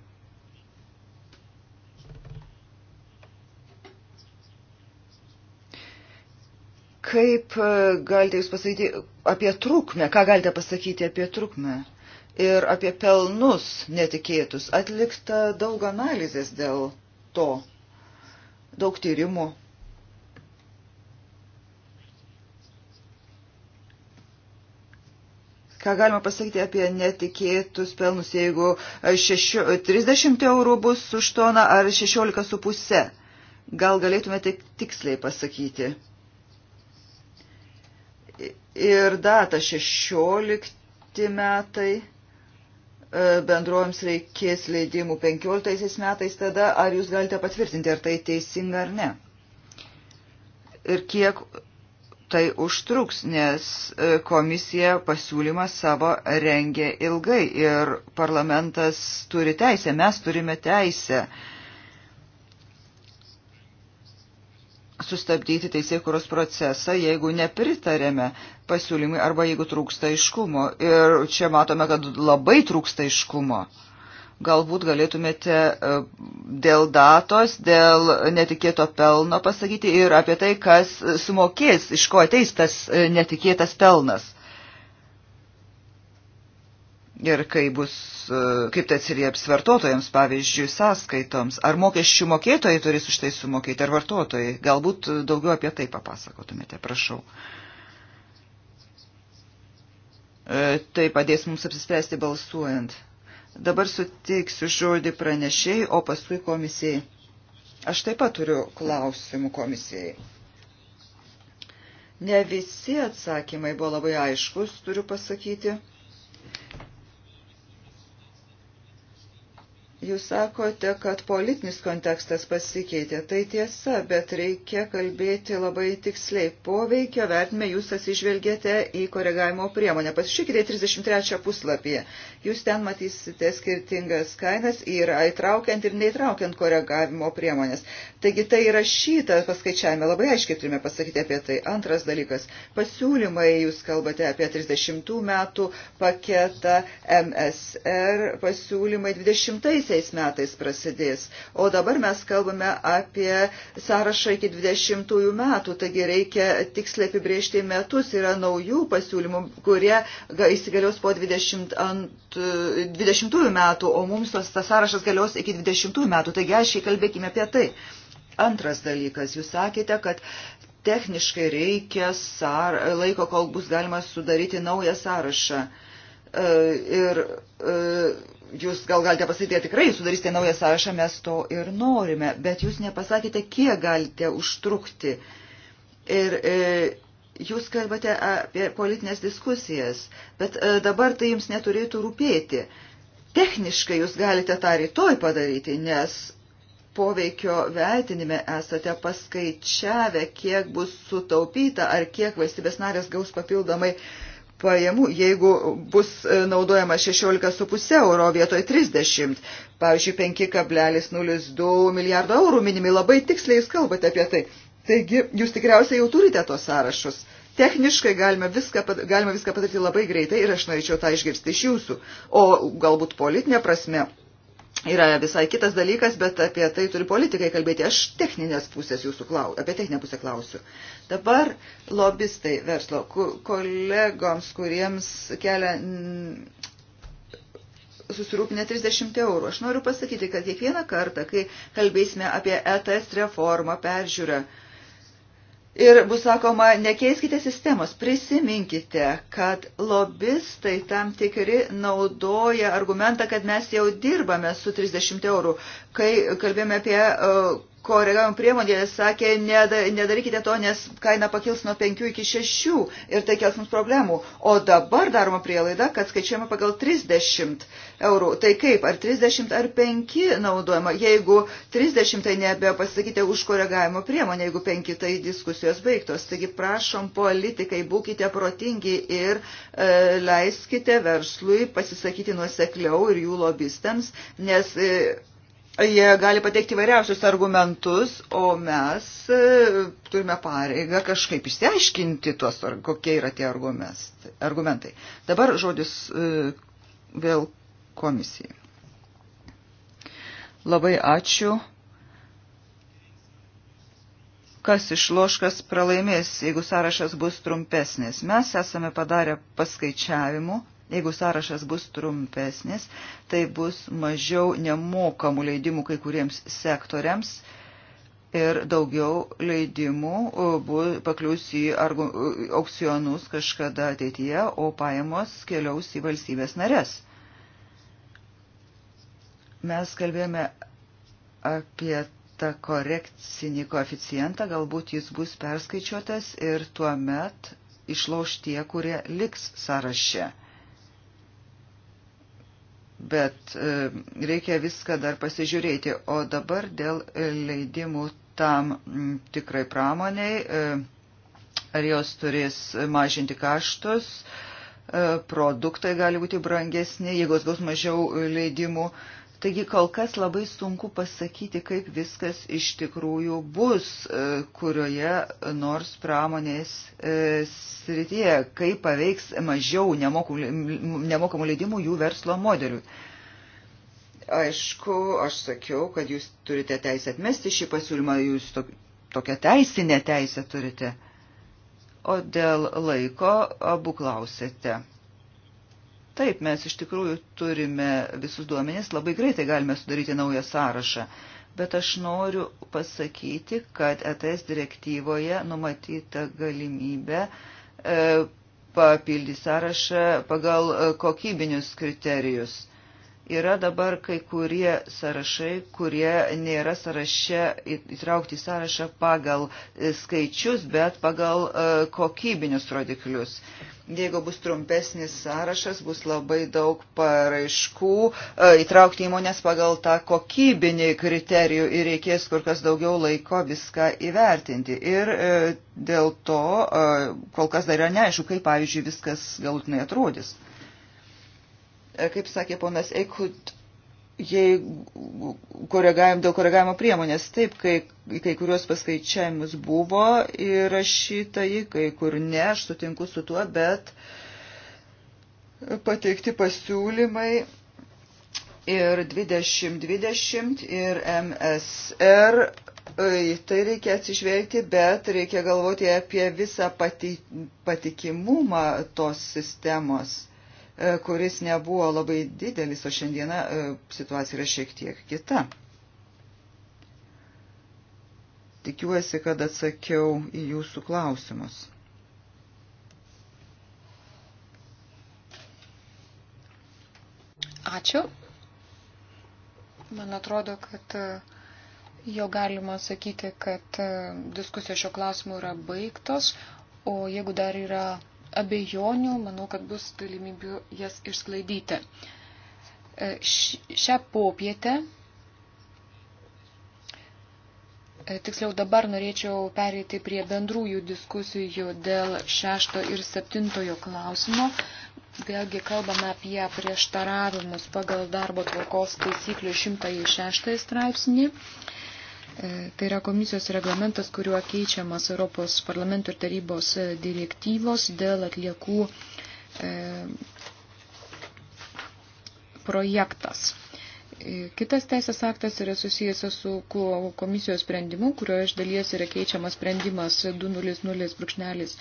Kaip e, galite Jūs pasakyti apie trukmę, ką galite pasakyti apie trukmę ir apie pelnus netikėtus? Atlikta daug analizės dėl to, daug tyrimų Ką galima pasakyti apie netikėtus pelnus, jeigu šešio, 30 eurų bus už toną ar 16,5? Gal galėtumėte tiksliai pasakyti? Ir data 16 metai e, bendruojams reikės leidimų 15 metais tada, ar jūs galite patvirtinti, ar tai teisinga ar ne? Ir kiek tai užtruks, nes e, komisija pasiūlymą savo rengė ilgai ir parlamentas turi teisę, mes turime teisę sustabdyti teisėkuros procesą, jeigu nepritarėme pasiūlymui arba jeigu trūksta iškumo. Ir čia matome, kad labai trūksta iškumo. Galbūt galėtumėte e, dėl datos, dėl netikėto pelno pasakyti ir apie tai, kas sumokės, iš ko ateis tas e, netikėtas pelnas. Ir kai bus, e, kaip tai atsilieps vartotojams, pavyzdžiui, sąskaitoms, ar mokesčių mokėtojai turės už tai sumokėti, ar vartotojai. Galbūt daugiau apie tai papasakotumėte, prašau. Tai padės mums apsispręsti balsuojant. Dabar suteiksiu žodį pranešėjai, o paskui komisijai. Aš taip pat turiu klausimų komisijai. Ne visi atsakymai buvo labai aiškus, turiu pasakyti. Jūs sakote, kad politinis kontekstas pasikeitė. Tai tiesa, bet reikia kalbėti labai tiksliai. Poveikio vertime jūs atsižvelgėte į koregavimo priemonę. Pasižiūrėkite 33 puslapyje. Jūs ten matysite skirtingas kainas, yra įtraukiant ir neįtraukiant koregavimo priemonės. Taigi tai yra šita paskaičiavime. Labai aiškiai turime pasakyti apie tai. Antras dalykas. Pasiūlymai jūs kalbate apie 30 metų paketą MSR pasiūlymai 20. -aisiais kitais metais prasidės. O dabar mes kalbame apie sąrašą iki 20 metų, taigi reikia tiksliai apibriežti metus. Yra naujų pasiūlymų, kurie įsigalios po 20, ant, 20 metų, o mums tas sąrašas galios iki 20 metų. Taigi aiškiai kalbėkime apie tai. Antras dalykas, jūs sakėte, kad techniškai reikia sar, laiko, kol bus galima sudaryti naują sąrašą. E, ir e, jūs gal galite pasakyti, tikrai sudarysite naują sąrašą, mes to ir norime, bet jūs nepasakėte, kiek galite užtrukti. Ir e, jūs kalbate apie politinės diskusijas, bet e, dabar tai jums neturėtų rūpėti. Techniškai jūs galite tą rytoj padaryti, nes poveikio vertinime esate paskaičiavę, kiek bus sutaupyta ar kiek valstybės narės gaus papildomai e, pajamų, jeigu bus e, naudojama 16,5 euro vietoj 30, pavyzdžiui, 5,02 milijardo eurų minimi, labai tiksliai jūs kalbate apie tai. Taigi, jūs tikriausiai jau turite tos sąrašus. Techniškai galima viską, galima viską padaryti labai greitai ir aš norėčiau tą išgirsti iš jūsų. O galbūt politinė prasme yra visai kitas dalykas, bet apie tai turi politikai kalbėti. Aš techninės pusės jūsų klausiu, apie techninę pusę klausiu. Dabar lobistai verslo, kolegoms, kuriems kelia susirūpinę 30 eurų. Aš noriu pasakyti, kad kiekvieną kartą, kai kalbėsime apie ETS reformą, peržiūrą, Ir bus sakoma, nekeiskite sistemos, prisiminkite, kad lobistai tam tikri naudoja argumentą, kad mes jau dirbame su 30 eurų. Kai kalbėjome apie uh, koregavimo priemonė sakė, nedarykite to, nes kaina pakils nuo 5 iki 6 ir tai kels mums problemų. O dabar daroma prielaida, kad skaičiuojama pagal 30 eurų. Tai kaip, ar 30 ar 5 naudojama? Jeigu 30, tai nebepasakykite už koregavimo priemonę, jeigu 5, tai diskusijos baigtos. Taigi prašom politikai, būkite protingi ir e, leiskite verslui pasisakyti nuosekliau ir jų lobistams, nes. E, Jie gali pateikti vairiausius argumentus, o mes e, turime pareigą kažkaip išsiaiškinti tuos, kokie yra tie argumentai. Dabar žodis e, vėl komisijai. Labai ačiū. Kas išloškas pralaimės, jeigu sąrašas bus trumpesnis? Mes esame padarę paskaičiavimų Jeigu sąrašas bus trumpesnis, tai bus mažiau nemokamų leidimų kai kuriems sektoriams ir daugiau leidimų e, paklius į e, aukcionus kažkada ateityje, o pajamos keliaus į valstybės narės. Mes kalbėjome apie tą korekcinį koeficientą, galbūt jis bus perskaičiuotas ir tuo met išlauš tie, kurie liks sąraše bet e, reikia viską dar pasižiūrėti. O dabar dėl leidimų tam tikrai pramoniai, e, ar jos turės mažinti kaštus, e, produktai gali būti brangesni, jeigu jos gaus mažiau leidimų. Taigi kol kas labai sunku pasakyti, kaip viskas iš tikrųjų bus, e, kurioje nors pramonės e, srityje, kaip paveiks mažiau nemokamų leidimų jų verslo modeliui. Aišku, aš sakiau, kad jūs turite teisę atmesti šį pasiūlymą, jūs tokią teisinę teisę turite. O dėl laiko abu klausėte. Taip, mes iš tikrųjų turime visus duomenys, labai greitai galime sudaryti naują sąrašą, bet aš noriu pasakyti, kad ETS direktyvoje numatyta galimybė e, papildyti sąrašą pagal e, kokybinius kriterijus. Yra dabar kai kurie sąrašai, kurie nėra sąraše įtraukti sąrašą pagal e, skaičius, bet pagal e, kokybinius rodiklius. E, Jeigu bus trumpesnis sąrašas, bus labai daug paraiškų e, įtraukti įmonės pagal tą kokybinį kriterijų ir reikės kur kas daugiau laiko viską įvertinti. Ir e, dėl to e, kol kas dar yra neaišku, kaip pavyzdžiui viskas galutinai atrodys. Kaip sakė ponas Ekut, jei koregavim, dėl koregavimo priemonės, taip, kai, kai kurios paskaičiavimus buvo įrašyta į, kai kur ne, aš sutinku su tuo, bet pateikti pasiūlymai ir 2020 ir MSR. Tai reikia atsižvelgti, bet reikia galvoti apie visą pati, patikimumą tos sistemos E, kuris nebuvo labai didelis, o šiandieną e, situacija yra šiek tiek kita. Tikiuosi, kad atsakiau į jūsų klausimus. Ačiū. Man atrodo, kad e, jau galima sakyti, kad diskusijos šio klausimu yra baigtos, o jeigu dar yra abejonių, manau, kad bus galimybių jas išsklaidyti. E, šią popietę, e, tiksliau dabar norėčiau pereiti prie bendrųjų diskusijų dėl šešto ir septintojo klausimo. Vėlgi kalbame apie prieštaravimus pagal darbo tvarkos taisyklių 106 straipsnį. E, tai yra komisijos reglamentas, kuriuo keičiamas Europos parlamento ir tarybos e, direktyvos dėl atliekų e, projektas. Kitas teisės aktas yra susijęs su komisijos sprendimu, kurio iš dalies yra keičiamas sprendimas 200.1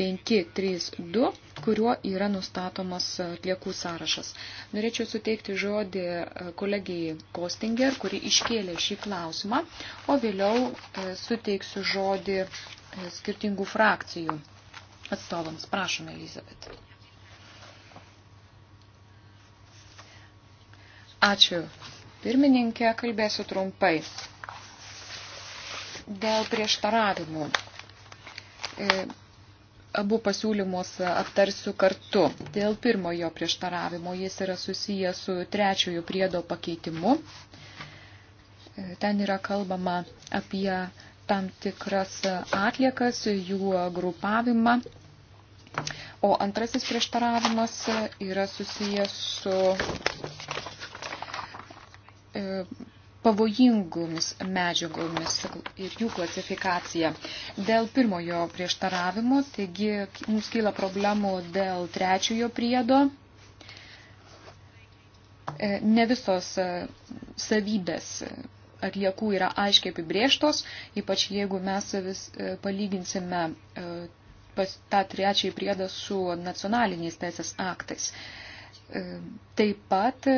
532, kuriuo yra nustatomas atliekų sąrašas. Norėčiau suteikti žodį e, kolegijai Kostinger, kuri iškėlė šį klausimą, o vėliau e, suteiksiu žodį e, skirtingų frakcijų atstovams. Prašome, Elizabet. Ačiū. Pirmininkė, kalbėsiu trumpai. Dėl prieštaravimų abu pasiūlymus aptarsiu kartu. Dėl pirmojo prieštaravimo jis yra susijęs su trečiojo priedo pakeitimu. Ten yra kalbama apie tam tikras atliekas, jų grupavimą. O antrasis prieštaravimas yra susijęs su e, pavojingomis medžiagomis ir jų klasifikacija. Dėl pirmojo prieštaravimo, taigi mums kyla problemų dėl trečiojo priedo. E, ne visos e, savybės atliekų yra aiškiai apibrėžtos, ypač jeigu mes vis e, palyginsime tą trečiąjį priedą su nacionaliniais teisės aktais. E, taip pat e,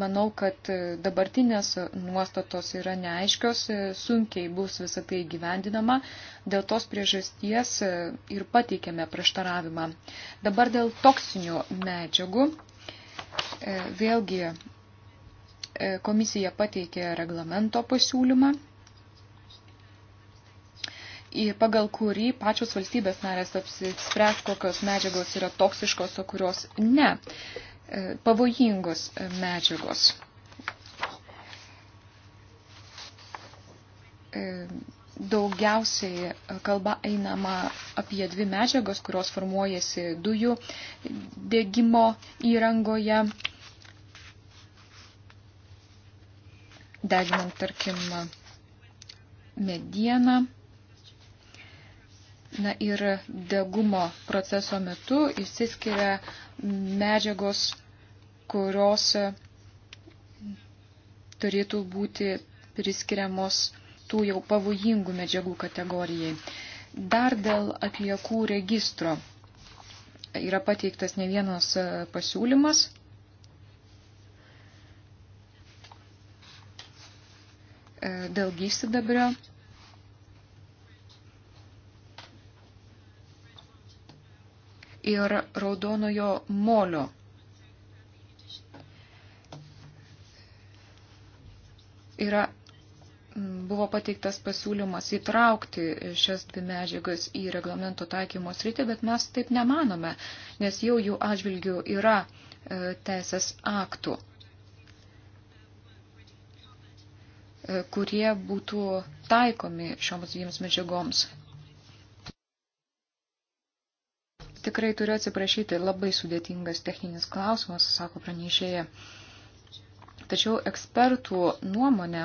manau, kad e, dabartinės nuostatos yra neaiškios, sunkiai bus visą tai gyvendinama, dėl tos priežasties ir pateikėme prieštaravimą. Dabar dėl toksinių medžiagų. Vėlgi komisija pateikė reglamento pasiūlymą, pagal kurį pačios valstybės narės apsispręs, kokios medžiagos yra toksiškos, o kurios ne. E, pavojingos e, medžiagos. E, daugiausiai kalba einama apie dvi medžiagos, kurios formuojasi dujų dėgymo įrangoje, deginant, tarkim, medieną. Na ir degumo proceso metu išsiskiria medžiagos, kurios turėtų būti priskiriamos tų jau pavojingų medžiagų kategorijai. Dar dėl atliekų registro yra pateiktas ne vienas e, pasiūlymas. E, dėl gysidabrio ir raudonojo molio. Yra, buvo pateiktas pasiūlymas įtraukti šias dvi medžiagas į reglamento taikymo sritį, bet mes taip nemanome, nes jau jų atžvilgių yra e, teisės aktų, e, kurie būtų taikomi šioms dviems medžiagoms. Tikrai turiu atsiprašyti, labai sudėtingas techninis klausimas, sako pranešėja. Tačiau ekspertų nuomonė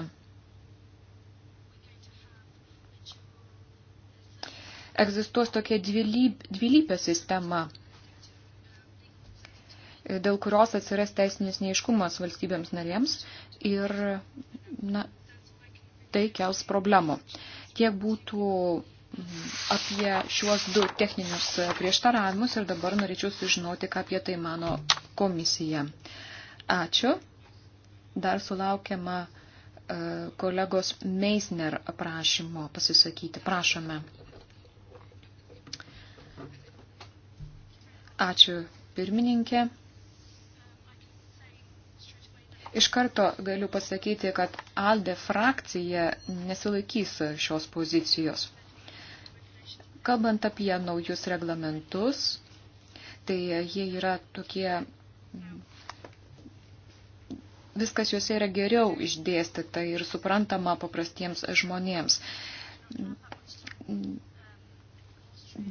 egzistuos tokia dvilyp, dvilypė sistema, dėl kurios atsiras teisinis neiškumas valstybėms narėms ir na, tai kels problemų. Tiek būtų apie šiuos du techninius e, prieštaravimus ir dabar norėčiau sužinoti, ką apie tai mano komisija. Ačiū. Dar sulaukiama e, kolegos Meisner prašymo pasisakyti. Prašome. Ačiū pirmininkė. Iš karto galiu pasakyti, kad ALDE frakcija nesilaikys šios pozicijos. Kalbant apie naujus reglamentus, tai jie yra tokie, viskas juose yra geriau išdėstyta ir suprantama paprastiems žmonėms.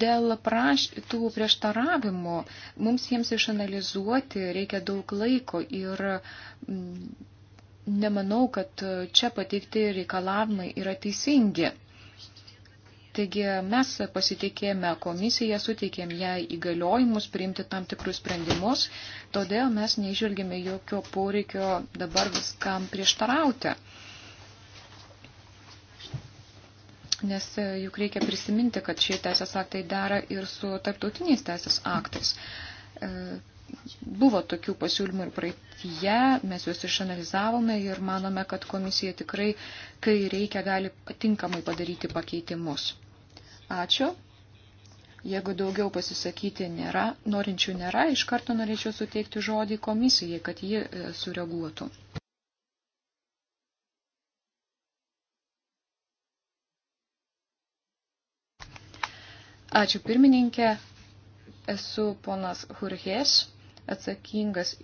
Dėl praš, tų prieštaravimų mums jiems išanalizuoti reikia daug laiko ir mm, nemanau, kad čia pateikti reikalavimai yra teisingi. Taigi mes pasitikėjome komisiją, suteikėm ją įgaliojimus priimti tam tikrus sprendimus, todėl mes neižvelgėme jokio poreikio dabar viskam prieštarauti. nes e, juk reikia prisiminti, kad šie teisės aktai dera ir su tarptautiniais teisės aktais. E, Buvo tokių pasiūlymų ir praeitie, mes juos išanalizavome ir manome, kad komisija tikrai, kai reikia, gali tinkamai padaryti pakeitimus. Ačiū. Jeigu daugiau pasisakyti nėra, norinčių nėra, iš karto norėčiau suteikti žodį komisijai, kad ji e, sureaguotų. Ačiū pirmininkė, esu ponas Hurhės, atsakingas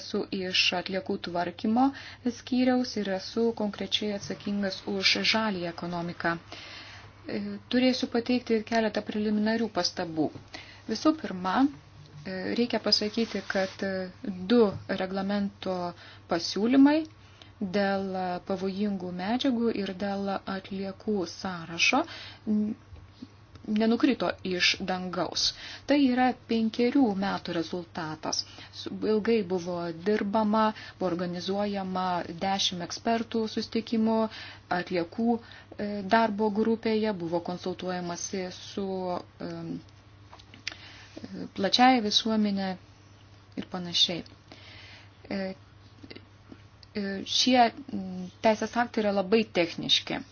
esu iš atliekų tvarkymo skyriaus ir esu konkrečiai atsakingas už žalį ekonomiką. Uh, E, turėsiu pateikti keletą preliminarių pastabų. Visų pirma, e, reikia pasakyti, kad e, du reglamento pasiūlymai dėl pavojingų medžiagų ir dėl atliekų sąrašo nenukrito iš dangaus. Tai yra penkerių metų rezultatas. Ilgai buvo dirbama, buvo organizuojama dešimt ekspertų sustikimų, atliekų e, darbo grupėje, buvo konsultuojamasi su e, plačiaja visuomenė ir panašiai e, šie teisės aktai yra labai techniški.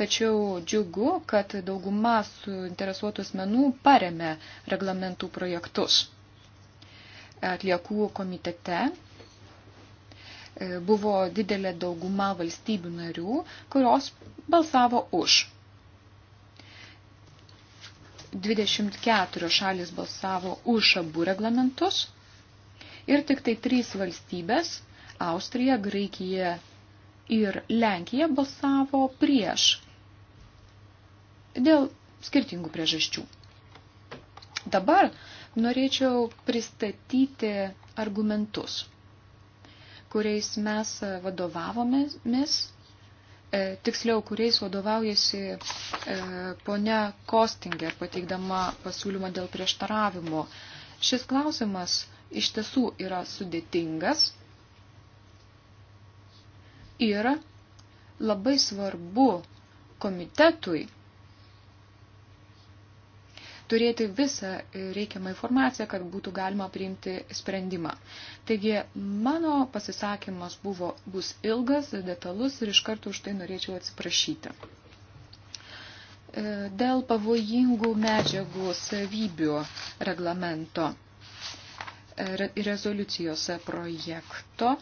Tačiau džiugu, kad dauguma suinteresuotų asmenų paremė reglamentų projektus. Atliekų komitete e, buvo didelė dauguma valstybių narių, kurios balsavo už. 24 šalis balsavo už abu reglamentus ir tik tai 3 valstybės – Austrija, Graikija ir Lenkija – balsavo prieš dėl skirtingų priežasčių. Dabar norėčiau pristatyti argumentus, kuriais mes vadovavomės, e, tiksliau, kuriais vadovaujasi e, ponia Kostinger pateikdama pasiūlymą dėl prieštaravimo. Šis klausimas iš tiesų yra sudėtingas ir labai svarbu komitetui turėti visą reikiamą informaciją, kad būtų galima priimti sprendimą. Taigi mano pasisakymas buvo, bus ilgas, detalus ir iš karto už tai norėčiau atsiprašyti. E, dėl pavojingų medžiagų savybių reglamento e, rezoliucijos projekto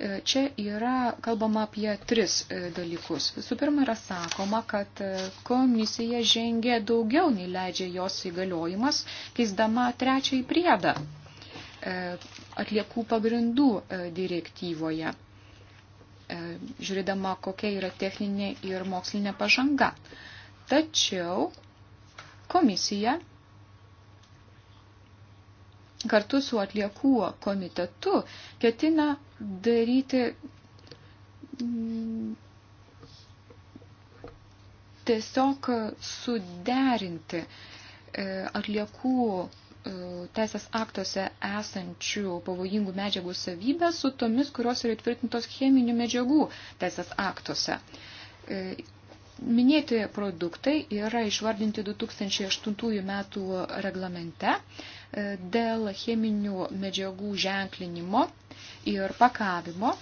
E, čia yra kalbama apie tris e, dalykus. Visų pirma, yra sakoma, kad e, komisija žengė daugiau nei leidžia jos įgaliojimas, keisdama trečiąjį priedą atliekų pagrindų direktyvoje, žiūrėdama, kokia yra techninė ir mokslinė pažanga. Tačiau komisija kartu su atliekų komitetu ketina daryti mm, tiesiog suderinti e, atliekų e, teisės aktuose esančių pavojingų medžiagų savybės su tomis, kurios yra įtvirtintos cheminių medžiagų teisės aktuose. E, minėti produktai yra išvardinti 2008 metų reglamente, dėl cheminių medžiagų ženklinimo ir pakavimo.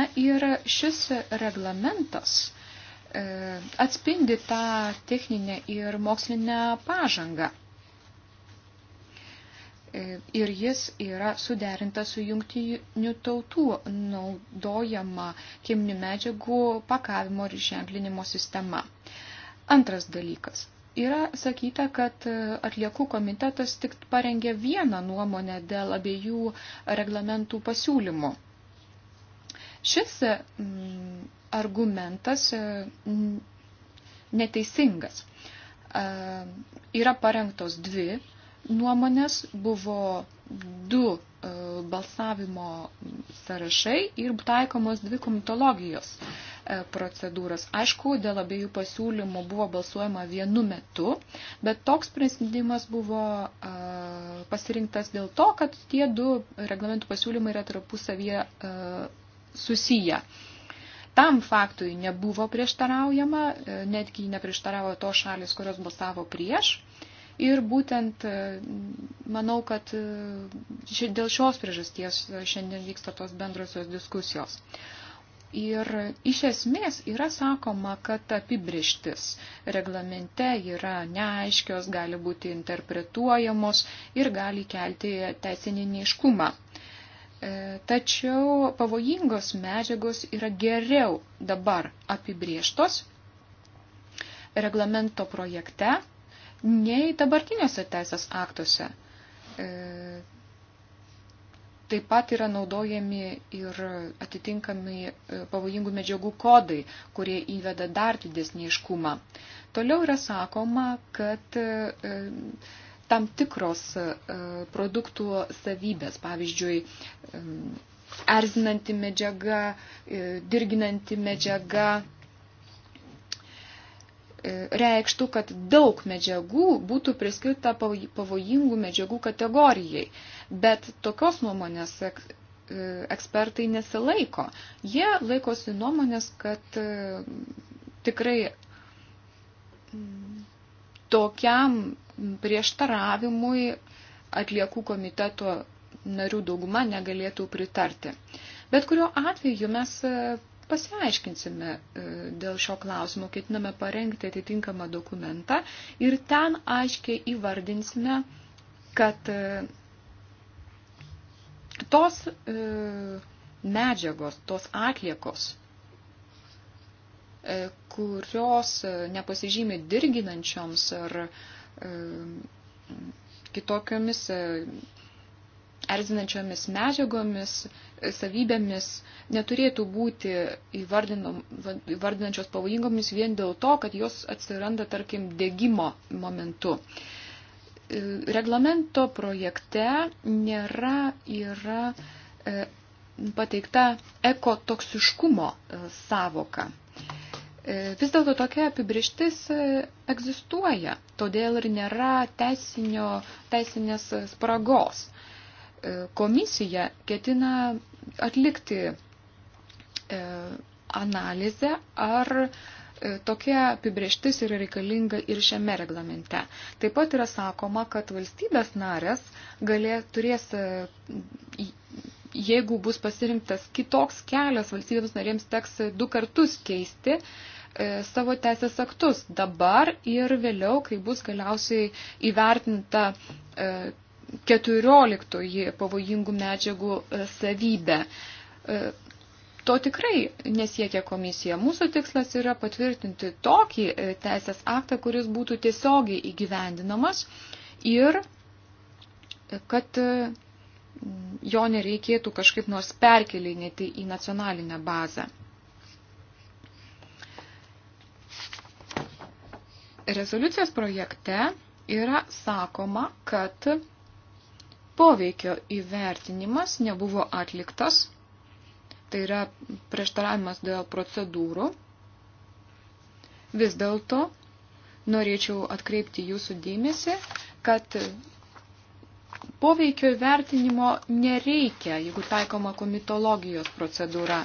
Na ir šis reglamentas e, atspindi tą techninę ir mokslinę pažangą. E, ir jis yra suderintas su jungtinių tautų naudojama cheminių medžiagų pakavimo ir ženklinimo sistema. Antras dalykas Yra sakyta, kad e, atliekų komitetas tik parengė vieną nuomonę dėl abiejų reglamentų pasiūlymų. Šis e, argumentas e, neteisingas. Yra parengtos dvi nuomonės, buvo du E, balsavimo sąrašai ir taikomos dvi komitologijos e, procedūros. Aišku, dėl abiejų pasiūlymų buvo balsuojama vienu metu, bet toks sprendimas buvo e, pasirinktas dėl to, kad tie du reglamentų pasiūlymai yra tarpusavyje susiję. Tam faktui nebuvo prieštaraujama, netgi neprieštaravo to šalis, kurios balsavo prieš. Ir būtent e, manau, kad e, dėl šios priežasties e, šiandien vyksta tos bendrosios diskusijos. Ir iš esmės yra sakoma, kad apibrištis reglamente yra neaiškios, gali būti interpretuojamos ir gali kelti teisinį neiškumą. Tačiau pavojingos medžiagos yra geriau dabar apibrieštos reglamento projekte nei dabartiniuose teisės aktuose. E, taip pat yra naudojami ir atitinkami e, pavojingų medžiagų kodai, kurie įveda dar didesnį iškumą. Toliau yra sakoma, kad e, tam tikros produktų savybės, pavyzdžiui, erzinanti medžiaga, dirginanti medžiaga, E, reikštų, kad daug medžiagų būtų priskirta pavojingų medžiagų kategorijai. Bet tokios nuomonės e, ekspertai nesilaiko. Jie laikosi nuomonės, kad e, tikrai mm, tokiam prieštaravimui atliekų komiteto narių dauguma negalėtų pritarti. Bet kuriuo atveju mes pasiaiškinsime e, dėl šio klausimo, ketiname parengti atitinkamą dokumentą ir ten aiškiai įvardinsime, kad e, tos e, medžiagos, tos atliekos, kurios nepasižymė dirginančioms ar kitokiomis erzinančiomis medžiagomis, savybėmis neturėtų būti įvardinančios pavojingomis vien dėl to, kad jos atsiranda, tarkim, degimo momentu. E, reglamento projekte nėra yra e, pateikta ekotoksiškumo e, savoka. Vis dėlto tokia apibrištis egzistuoja, todėl ir nėra teisinio, teisinės spragos. E, komisija ketina atlikti e, analizę, ar e, tokia apibrieštis yra reikalinga ir šiame reglamente. Taip pat yra sakoma, kad valstybės narės galė, turės, jeigu bus pasirinktas kitoks kelias, valstybėms narėms teks du kartus keisti savo teisės aktus dabar ir vėliau, kai bus galiausiai įvertinta keturioliktoji pavojingų medžiagų e, savybė. E, to tikrai nesiekia komisija. Mūsų tikslas yra patvirtinti tokį e, teisės aktą, kuris būtų tiesiogiai įgyvendinamas ir kad jo nereikėtų kažkaip nors perkelinėti į nacionalinę bazę. Rezoliucijos projekte yra sakoma, kad Poveikio įvertinimas nebuvo atliktas, tai yra prieštaravimas dėl procedūrų. Vis dėlto norėčiau atkreipti jūsų dėmesį, kad poveikio įvertinimo nereikia, jeigu taikoma komitologijos procedūra.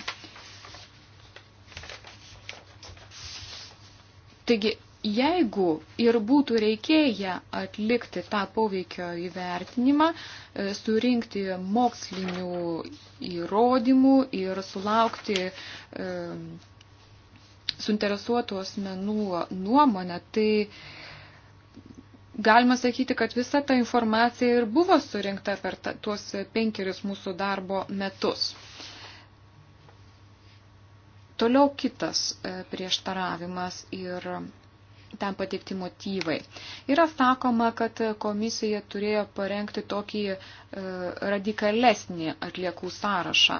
Taigi Jeigu ir būtų reikėję atlikti tą poveikio įvertinimą, e, surinkti mokslinių įrodymų ir sulaukti e, suinteresuotų asmenų nuomonę, tai galima sakyti, kad visa ta informacija ir buvo surinkta per ta, tuos penkerius mūsų darbo metus. Toliau kitas e, prieštaravimas ir ten pateikti motyvai. Yra sakoma, kad komisija turėjo parengti tokį e, radikalesnį atliekų sąrašą.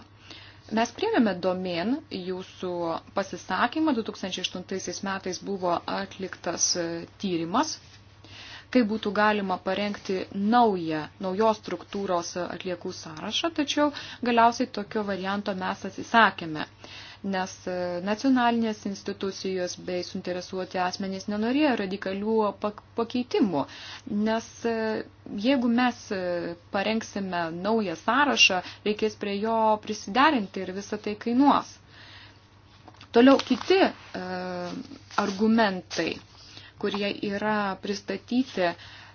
Mes priemėme domen jūsų pasisakymą. 2008 metais buvo atliktas e, tyrimas, kaip būtų galima parengti naują, naujos struktūros atliekų sąrašą, tačiau galiausiai tokio varianto mes atsisakėme. E, nes e, nacionalinės institucijos bei suinteresuoti asmenys nenorėjo radikalių pakeitimų, nes e, jeigu mes e, parengsime naują sąrašą, reikės prie jo prisiderinti ir visą tai kainuos. Toliau kiti e, argumentai, kurie yra pristatyti,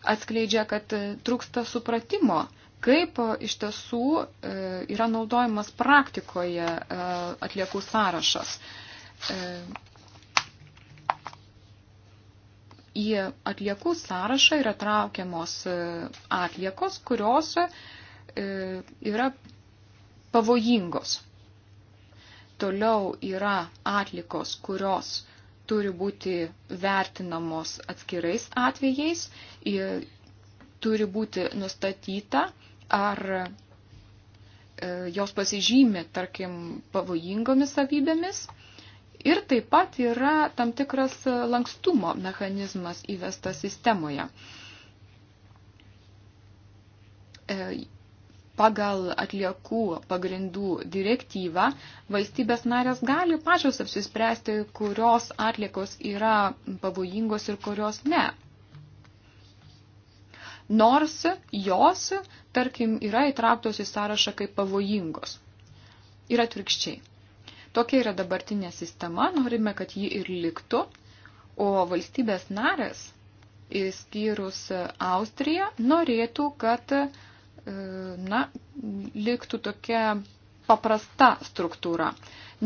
atskleidžia, kad trūksta supratimo e, kaip e, iš tiesų e, yra naudojamas praktikoje e, atliekų sąrašas. Į atliekų sąrašą yra traukiamos atliekos, kurios yra pavojingos. Toliau yra atlikos, kurios turi būti vertinamos atskirais atvejais, turi būti nustatyta, ar e, jos pasižymi, tarkim, pavojingomis savybėmis. Ir taip pat yra tam tikras lankstumo mechanizmas įvestas sistemoje. E, pagal atliekų pagrindų direktyvą valstybės narės gali pačios apsispręsti, kurios atliekos yra pavojingos ir kurios ne. Nors jos tarkim, yra įtrauktos į sąrašą kaip pavojingos. Ir atvirkščiai. Tokia yra dabartinė sistema, norime, kad ji ir liktų, o valstybės narės, įskyrus Austriją, norėtų, kad e, na, liktų tokia paprasta struktūra.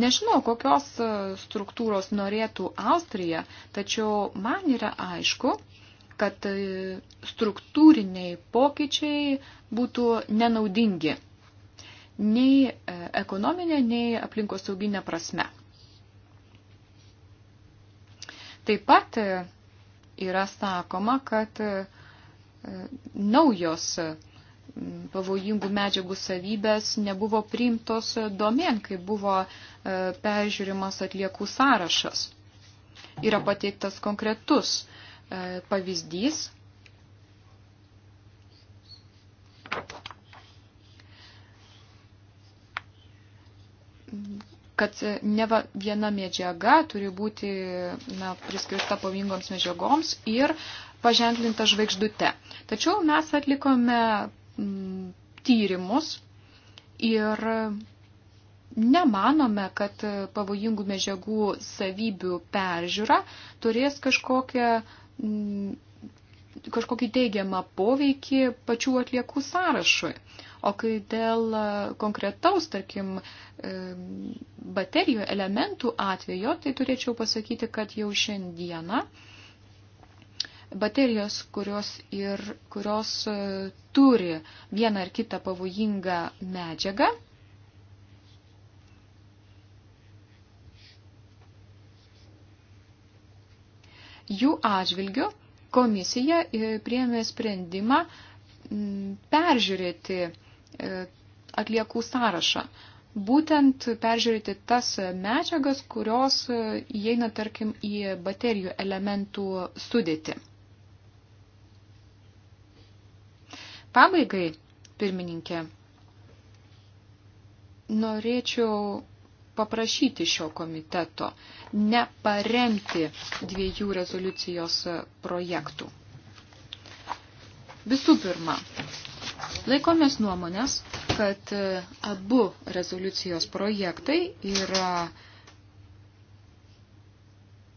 Nežinau, kokios e, struktūros norėtų Austrija, tačiau man yra aišku, kad e, struktūriniai pokyčiai būtų nenaudingi nei e, ekonominė, nei aplinkosauginė prasme. Taip pat e, yra sakoma, kad naujos pavojingų medžiagų savybės nebuvo priimtos domen, kai buvo peržiūrimas atliekų sąrašas. Yra pateiktas konkretus E, pavyzdys. kad ne viena medžiaga turi būti na, priskirta pavingoms medžiagoms ir paženklinta žvaigždute. Tačiau mes atlikome tyrimus ir nemanome, kad pavojingų medžiagų savybių peržiūra turės kažkokią Mm, kažkokį teigiamą poveikį pačių atliekų sąrašui. O kai dėl e, konkretaus, tarkim, e, baterijų elementų atvejo, tai turėčiau pasakyti, kad jau šiandieną baterijos, kurios, ir, kurios e, turi vieną ar kitą pavojingą medžiagą, Jų atžvilgiu komisija e, priėmė sprendimą peržiūrėti e, atliekų sąrašą. Būtent peržiūrėti tas medžiagas, kurios e, įeina, tarkim, į baterijų elementų sudėti. Pabaigai, pirmininkė, norėčiau paprašyti šio komiteto neparemti dviejų rezoliucijos projektų. Visų pirma, laikomės nuomonės, kad abu rezoliucijos projektai yra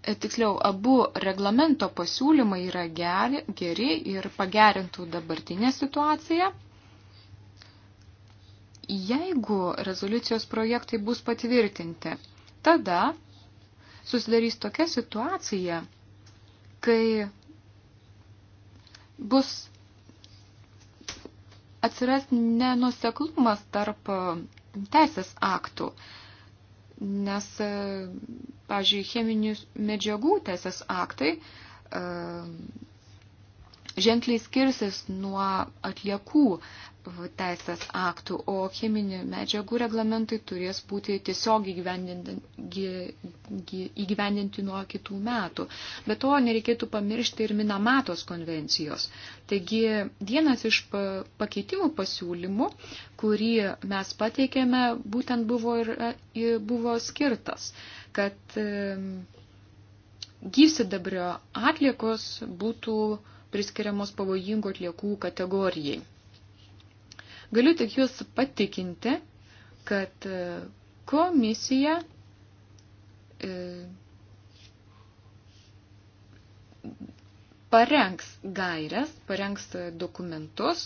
e, tiksliau, abu reglamento pasiūlymai yra geri, geri ir pagerintų dabartinę situaciją. Jeigu rezoliucijos projektai bus patvirtinti, tada susidarys tokia situacija, kai bus atsiras nenuseklumas tarp e, teisės aktų, nes, e, pažiūrėjau, cheminių medžiagų teisės aktai e, ženkliai skirsis nuo atliekų teisės aktų, o cheminių medžiagų reglamentai turės būti tiesiog įgyvendinti nuo kitų metų. Bet to nereikėtų pamiršti ir Minamatos konvencijos. Taigi vienas iš pakeitimų pasiūlymų, kurį mes pateikėme, būtent buvo, ir, e, buvo skirtas, kad gyvsidabrio atliekos būtų priskiriamos pavojingų atliekų kategorijai. Galiu tik jūs patikinti, kad e, komisija e, parengs gairias, parengs dokumentus.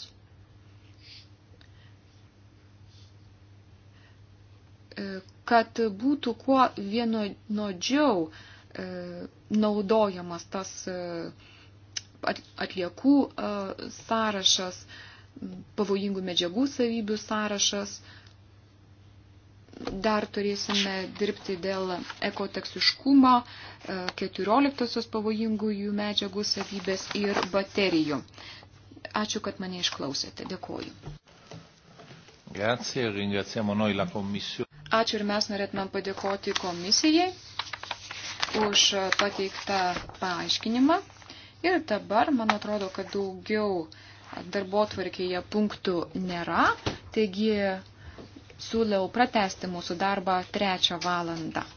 E, kad būtų kuo vienodžiau naudojamas tas atliekų sąrašas, pavojingų medžiagų savybių sąrašas. Dar turėsime dirbti dėl ekoteksiškumo, 14 e, pavojingųjų medžiagų savybės ir baterijų. Ačiū, kad mane išklausėte. Dėkuoju. Grazie, ringraziamo noi la Commissione. Ačiū ir mes norėtumėm padėkoti komisijai už pateiktą paaiškinimą. Ir dabar, man atrodo, kad daugiau darbo tvarkėje punktų nėra, taigi siūliau pratesti mūsų darbą trečią valandą.